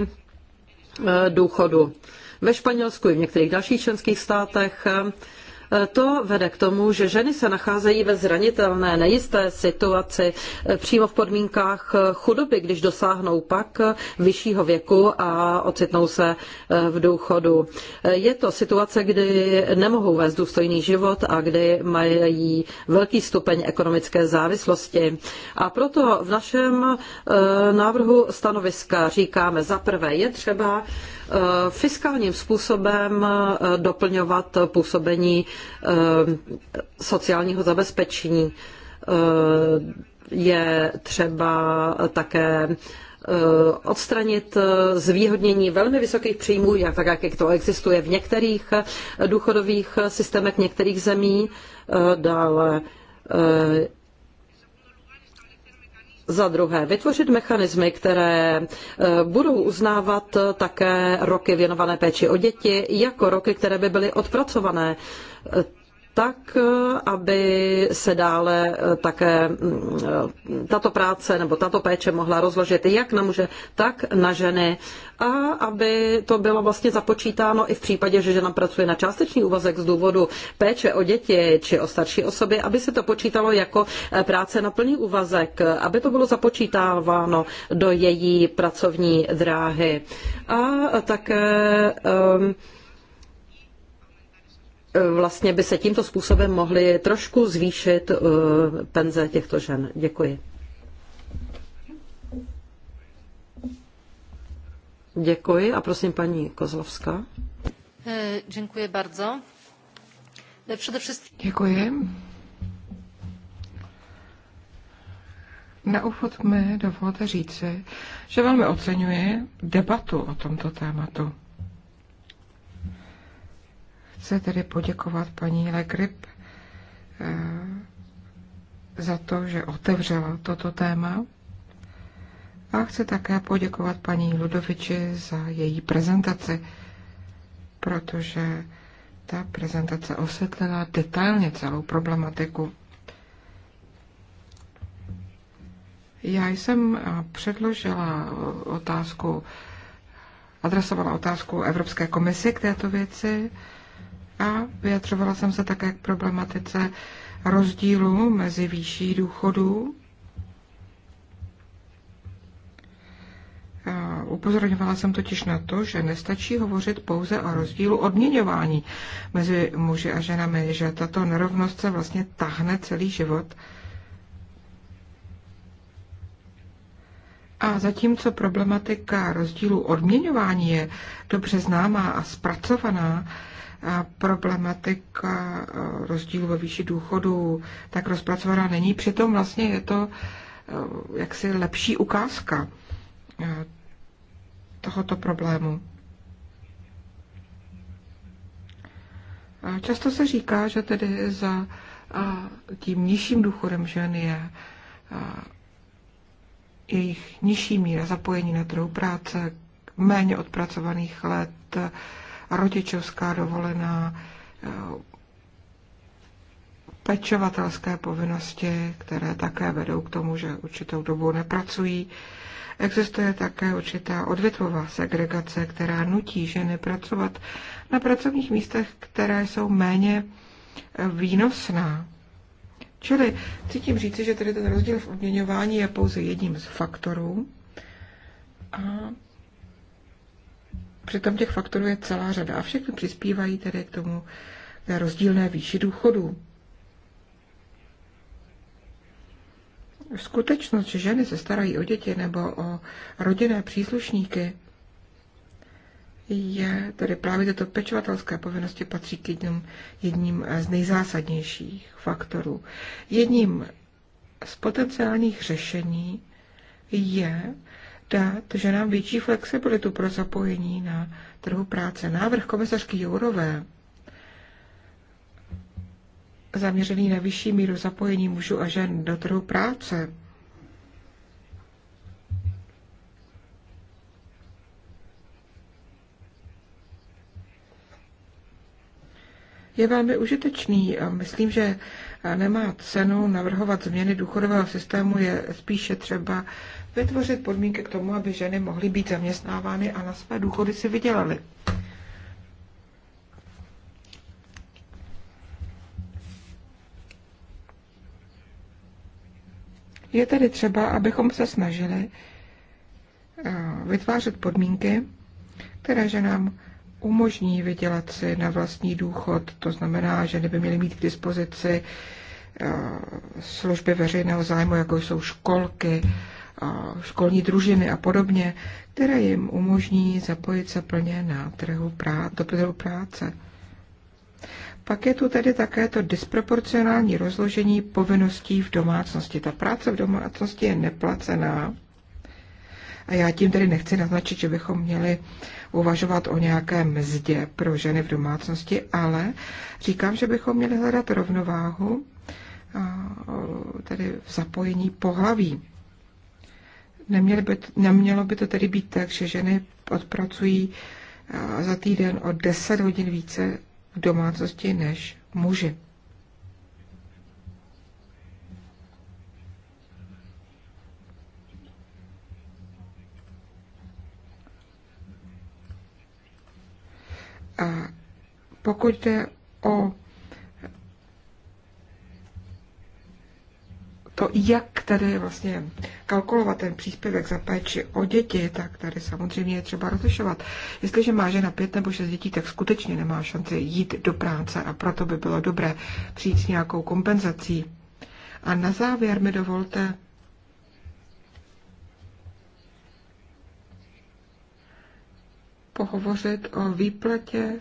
e, důchodu. Ve Španělsku i v některých dalších členských státech to vede k tomu, že ženy se nacházejí ve zranitelné, nejisté situaci eh, přímo v podmínkách eh, chudoby, když dosáhnou pak eh, vyššího věku a ocitnou se v důchodu. Je to situace, kdy nemohou vést důstojný život a kdy mají velký stupeň ekonomické závislosti. A proto v našem návrhu stanoviska říkáme za prvé je třeba Eh, fiskálním způsobem eh, doplňovat působení eh, sociálního zabezpečení. Je třeba také odstranit zvýhodnění velmi vysokých příjmů, jak tak, jak to existuje v některých důchodových systémech některých zemí. Dále za druhé, vytvořit mechanismy, které eh, budou uznávat také roky věnované péči o děti jako roky, které by byly odpracované tak, eh, aby se dále eh, také mm, eh, tato práce nebo tato péče mohla rozložit jak na muže, tak na ženy a aby to bylo vlastně započítáno i v případě, že žena pracuje na částečný úvazek z důvodu péče o děti či o starší osoby, aby se to počítalo jako práce na plný úvazek, aby to bylo započítáváno do její pracovní dráhy. A také um, vlastně by se tímto způsobem mohly trošku zvýšit eh, penze těchto žen. Děkuji. Děkuji a prosím paní Kozlovská. Eh, děkuji bardzo. Eh, především... Děkuji. Na úvod mi dovolte říci, že velmi oceňuji debatu o tomto tématu chce tedy poděkovat paní Legrip eh, za to, že otevřela toto téma. A chci také poděkovat paní Ludoviči za její prezentaci, protože ta prezentace osvětlila detailně celou problematiku. Já jsem eh, předložila otázku, adresovala otázku Evropské komisi k této věci a vyjadřovala jsem se také k problematice rozdílu mezi výší důchodů. Upozorňovala jsem totiž na to, že nestačí hovořit pouze o rozdílu odměňování mezi muži a ženami, že tato nerovnost se vlastně tahne celý život. A zatímco problematika rozdílu odměňování je dobře známá a zpracovaná, problematika e, rozdílu ve výši důchodu tak rozpracovaná není. Přitom vlastně je to e, jaksi lepší ukázka e, tohoto problému. Často se říká, že tedy za tím nižším důchodem žen je jejich nižší míra zapojení na trhu práce, méně odpracovaných let, rodičovská dovolená, eh, pečovatelské povinnosti, které také vedou k tomu, že určitou dobu nepracují. Existuje také určitá odvětvová segregace, která nutí ženy pracovat na pracovních místech, které jsou méně eh, výnosná. Čili chci tím říci, že tedy ten rozdíl v odměňování je pouze jedním z faktorů a Přitom těch faktorů je celá řada a všechny přispívají tedy k tomu k té rozdílné výši důchodů. Skutečnost, že ženy se starají o děti nebo o rodinné příslušníky, je tedy právě tyto pečovatelské povinnosti patří k jedním, jedním z nejzásadnějších faktorů. Jedním z potenciálních řešení je dát ženám větší flexibilitu pro zapojení na trhu práce. Návrh komisařky Jourové zaměřený na vyšší míru zapojení mužů a žen do trhu práce je velmi užitečný. Myslím, že nemá cenu navrhovat změny důchodového systému, je spíše třeba vytvořit podmínky k tomu, aby ženy mohly být zaměstnávány a na své důchody si vydělaly. Je tedy třeba, abychom se snažili eh, vytvářet podmínky, které ženám umožní vydělat si na vlastní důchod. To znamená, že by měly mít k dispozici eh, služby veřejného zájmu, jako jsou školky, školní družiny a podobně, které jim umožní zapojit se plně na trhu prá- do trhu práce. Pak je tu tedy také to disproporcionální rozložení povinností v domácnosti. Ta práce v domácnosti je neplacená. A já tím tedy nechci naznačit, že bychom měli uvažovat o nějaké mzdě pro ženy v domácnosti, ale říkám, že bychom měli hledat rovnováhu tedy v zapojení pohlaví. Neměly by, nemělo by to tedy být tak, že ženy odpracují za týden o 10 hodin více v domácnosti než muži. A pokud jde o to, jak tedy vlastně kalkulovat ten příspěvek za péči o děti, tak tady samozřejmě je třeba rozlišovat. Jestliže má žena pět nebo šest dětí, tak skutečně nemá šanci jít do práce a proto by bylo dobré přijít s nějakou kompenzací. A na závěr mi dovolte pohovořit o výplatě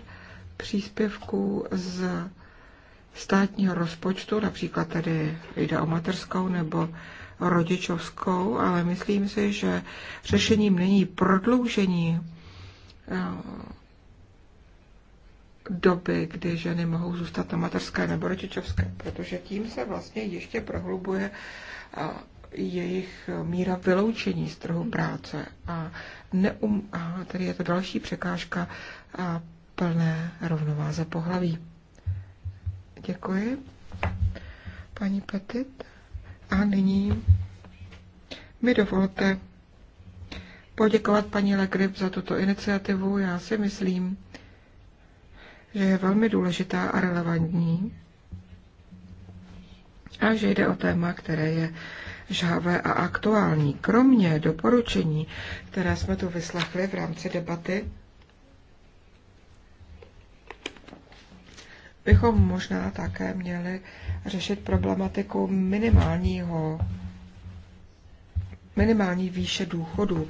příspěvků z státního rozpočtu, například tady jde o materskou nebo rodičovskou, ale myslím si, že řešením není prodloužení eh, doby, kdy ženy mohou zůstat na materské nebo rodičovské, protože tím se vlastně ještě prohlubuje eh, jejich míra vyloučení z trhu práce. A, neum, a tady je to další překážka a plné rovnováze pohlaví. Děkuji. Paní Petit. A nyní mi dovolte poděkovat paní Legrip za tuto iniciativu. Já si myslím, že je velmi důležitá a relevantní a že jde o téma, které je žhavé a aktuální. Kromě doporučení, které jsme tu vyslechli v rámci debaty, bychom možná také měli řešit problematiku minimálního minimální výše důchodů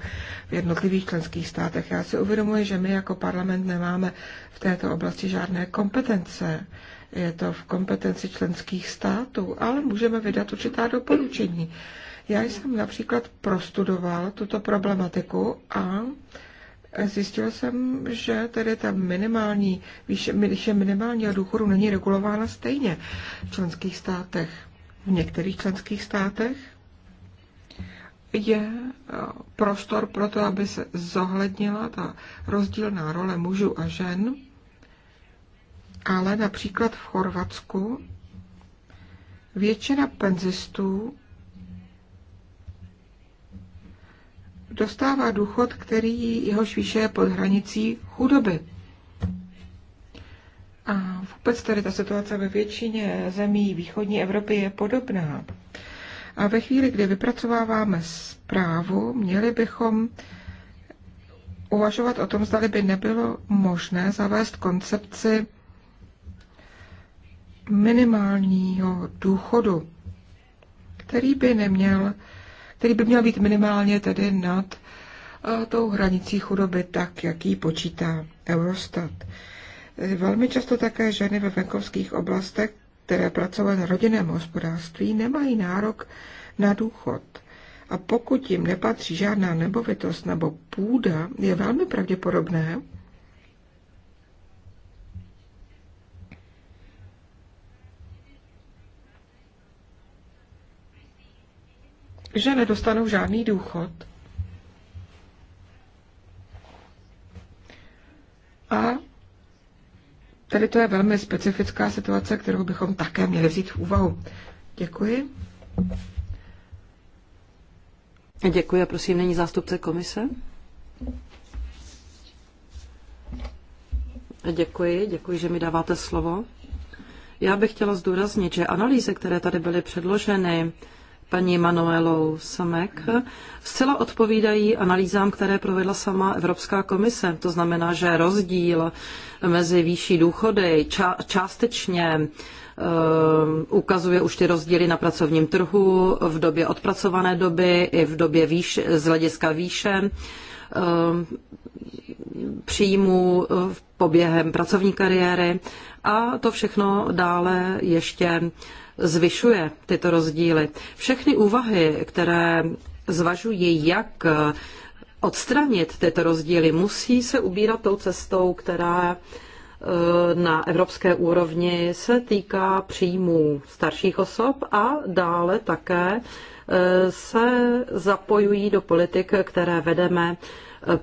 v jednotlivých členských státech. Já si uvědomuji, že my jako parlament nemáme v této oblasti žádné kompetence. Je to v kompetenci členských států, ale můžeme vydat určitá doporučení. Já jsem například prostudoval tuto problematiku a Zjistil jsem, že tedy ta minimální, výše, výše minimálního důchodu není regulována stejně v členských státech. V některých členských státech je e, prostor pro to, aby se zohlednila ta rozdílná role mužů a žen, ale například v Chorvatsku většina penzistů dostává důchod, který jehož švíše je pod hranicí chudoby. A vůbec tady ta situace ve většině zemí východní Evropy je podobná. A ve chvíli, kdy vypracováváme zprávu, měli bychom uvažovat o tom, zda by nebylo možné zavést koncepci minimálního důchodu, který by neměl který by měl být minimálně tedy nad eh, tou hranicí chudoby, tak jak ji počítá Eurostat. Eh, velmi často také ženy ve venkovských oblastech, které pracovaly na rodinném hospodářství, nemají nárok na důchod. A pokud jim nepatří žádná nebovitost nebo půda, je velmi pravděpodobné, že nedostanou žádný důchod. A tady to je velmi specifická situace, kterou bychom také měli vzít v úvahu. Děkuji. Děkuji a prosím, není zástupce komise? Děkuji, děkuji, že mi dáváte slovo. Já bych chtěla zdůraznit, že analýzy, které tady byly předloženy, paní Manuelou Samek zcela odpovídají analýzám, které provedla sama Evropská komise. To znamená, že rozdíl mezi výší důchody ča- částečně eh, ukazuje už ty rozdíly na pracovním trhu v době odpracované doby i v době výš, z hlediska výše eh, příjmů eh, poběhem pracovní kariéry a to všechno dále ještě zvyšuje tyto rozdíly. Všechny úvahy, které zvažují, jak odstranit tyto rozdíly, musí se ubírat tou cestou, která e, na evropské úrovni se týká příjmů starších osob a dále také e, se zapojují do politik, které vedeme e,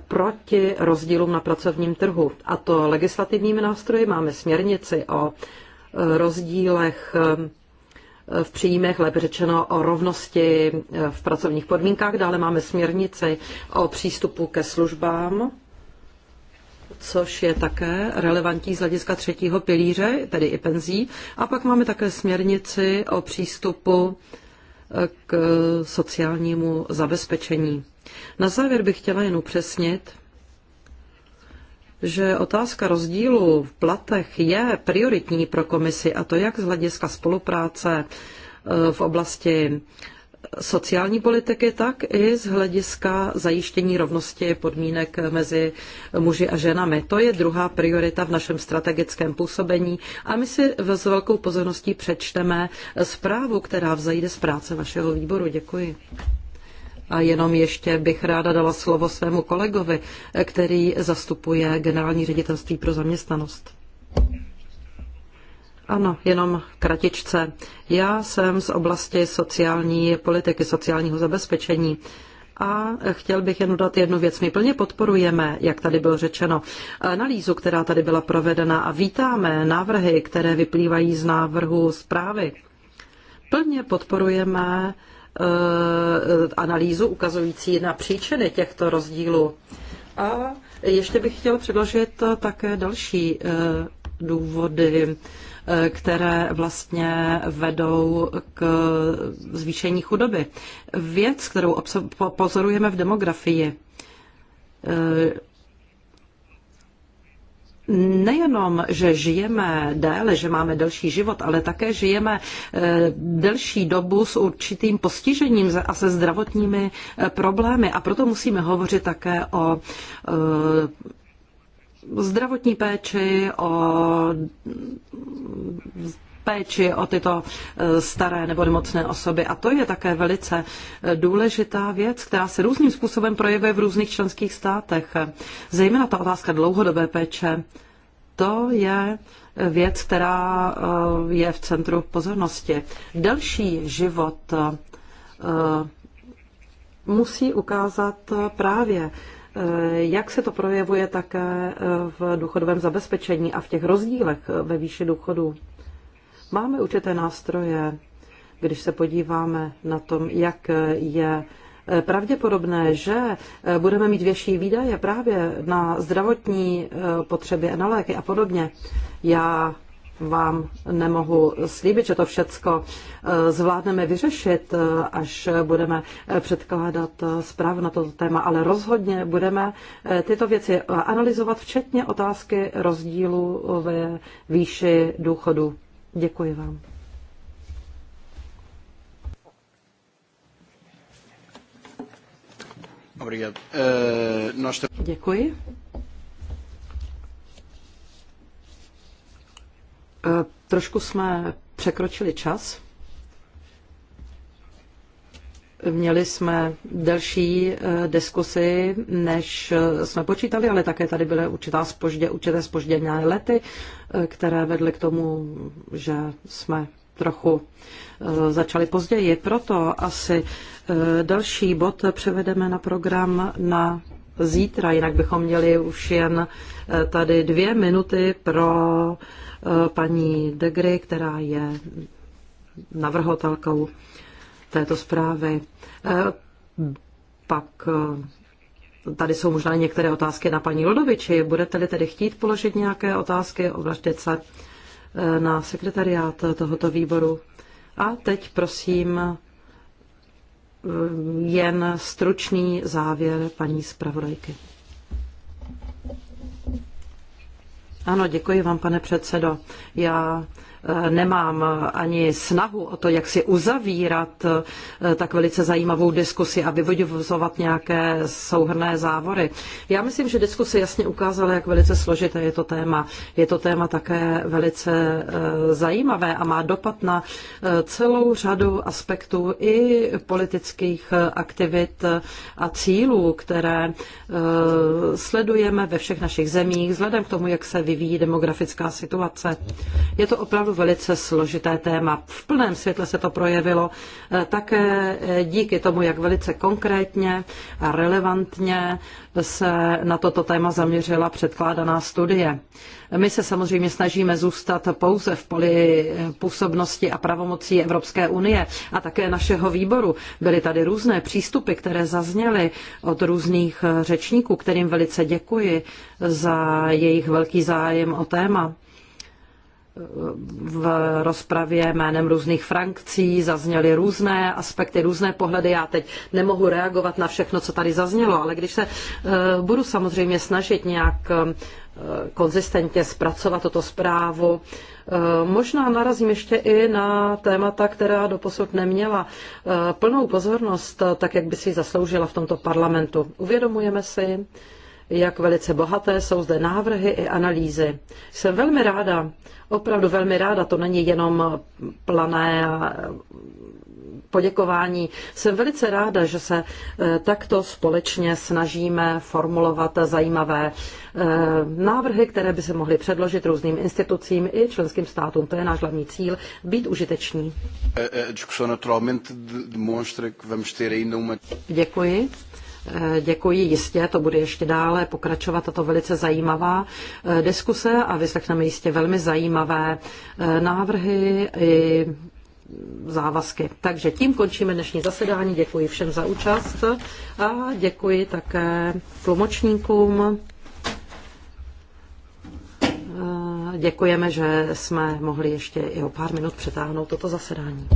proti rozdílům na pracovním trhu. A to legislativními nástroji máme směrnici o rozdílech v příjmech, lépe řečeno o rovnosti v pracovních podmínkách. Dále máme směrnici o přístupu ke službám, což je také relevantní z hlediska třetího pilíře, tedy i penzí. A pak máme také směrnici o přístupu eh, k sociálnímu zabezpečení. Na závěr bych chtěla jen upřesnit, že otázka rozdílu v platech je prioritní pro komisi a to jak z hlediska spolupráce e, v oblasti e, sociální politiky, tak i z hlediska zajištění rovnosti podmínek mezi muži a ženami. To je druhá priorita v našem strategickém působení a my si s velkou pozorností přečteme zprávu, která vzejde z práce vašeho výboru. Děkuji. A jenom ještě bych ráda dala slovo svému kolegovi, který zastupuje generální ředitelství pro zaměstnanost. Ano, jenom kratičce. Já jsem z oblasti sociální politiky, sociálního zabezpečení. A chtěl bych jen dodat jednu věc. My plně podporujeme, jak tady bylo řečeno, analýzu, která tady byla provedena a vítáme návrhy, které vyplývají z návrhu zprávy. Plně podporujeme Eh, analýzu ukazující na příčiny těchto rozdílů. A ještě bych chtěl předložit také další eh, důvody, eh, které vlastně vedou k zvýšení chudoby. Věc, kterou pozorujeme v demografii, nejenom, že žijeme déle, že máme delší život, ale také žijeme eh, delší dobu s určitým postižením a se zdravotními eh, problémy. A proto musíme hovořit také o eh, zdravotní péči, o péči o tyto e, staré nebo nemocné osoby. A to je také velice e, důležitá věc, která se různým způsobem projevuje v různých členských státech. Zejména ta otázka dlouhodobé péče, to je věc, která e, je v centru pozornosti. Delší život musí ukázat právě, jak se to projevuje také v důchodovém zabezpečení a v těch rozdílech ve výši důchodů. Máme určité nástroje, když se podíváme na tom, jak je eh, pravděpodobné, že eh, budeme mít větší výdaje právě na zdravotní eh, potřeby, na léky a podobně. Já vám nemohu slíbit, že to všecko zvládneme vyřešit, až budeme předkládat zprávu na toto téma, ale rozhodně budeme tyto věci analyzovat, včetně otázky rozdílu ve výši důchodu. Děkuji vám. Eh, Děkuji. Eh, trošku jsme překročili čas. Měli jsme delší eh, diskusy, než eh, jsme počítali, ale také tady byly určitá spoždě, určité spožděné lety, eh, které vedly k tomu, že jsme trochu začali později. Proto asi další bod převedeme na program na zítra, jinak bychom měli už jen tady dvě minuty pro paní Degry, která je navrhovatelkou této zprávy. E, pak e, tady jsou možná některé otázky na paní Lodoviči. Budete-li tedy chtít položit nějaké otázky, obraťte se e, na sekretariát tohoto výboru. A teď prosím jen stručný závěr paní zpravodajky. Ano, děkuji vám, pane předsedo. Já Eh, nemám ani snahu o to, jak si uzavírat eh, tak velice zajímavou diskusi a vyvodizovat nějaké souhrné závory. Já myslím, že diskuse jasně ukázala, jak velice složité je to téma. Je to téma také velice eh, zajímavé a má dopad na celou řadu aspektů i politických aktivit a cílů, které sledujeme ve všech našich zemích, vzhledem k tomu, jak se vyvíjí demografická situace. Je to opravdu velice složité téma. V plném světle se to projevilo eh, také eh, díky tomu, jak velice konkrétně a relevantně se na toto téma zaměřila předkládaná studie. My se samozřejmě snažíme zůstat pouze v poli eh, působnosti a pravomocí Evropské unie a také našeho výboru. Byly tady různé přístupy, které zazněly od různých řečníků, kterým velice děkuji za jejich velký zájem o téma v rozpravě jménem různých frankcí, zazněly různé aspekty, různé pohledy. Já teď nemohu reagovat na všechno, co tady zaznělo, ale když se eh, budu samozřejmě snažit nějak eh, konzistentně zpracovat toto zprávu, eh, Možná narazím ještě i na témata, která doposud neměla plnou pozornost, tak jak by si zasloužila v tomto parlamentu. Uvědomujeme si, jak velice bohaté jsou zde návrhy i analýzy. Jsem velmi ráda, opravdu velmi ráda, to není jenom plané poděkování. Jsem velice ráda, že se eh, takto společně snažíme formulovat zajímavé eh, návrhy, které by se mohly předložit různým institucím i členským státům. To je náš hlavní cíl, být užiteční. Eh, Děkuji. Eh, děkuji, jistě, to bude ještě dále pokračovat tato velice zajímavá eh, diskuse a vyslechneme jistě velmi zajímavé eh, návrhy i závazky. Takže tím končíme dnešní zasedání. Děkuji všem za účast a děkuji také tlumočníkům. Děkujeme, že jsme mohli ještě i o pár minut přetáhnout toto zasedání.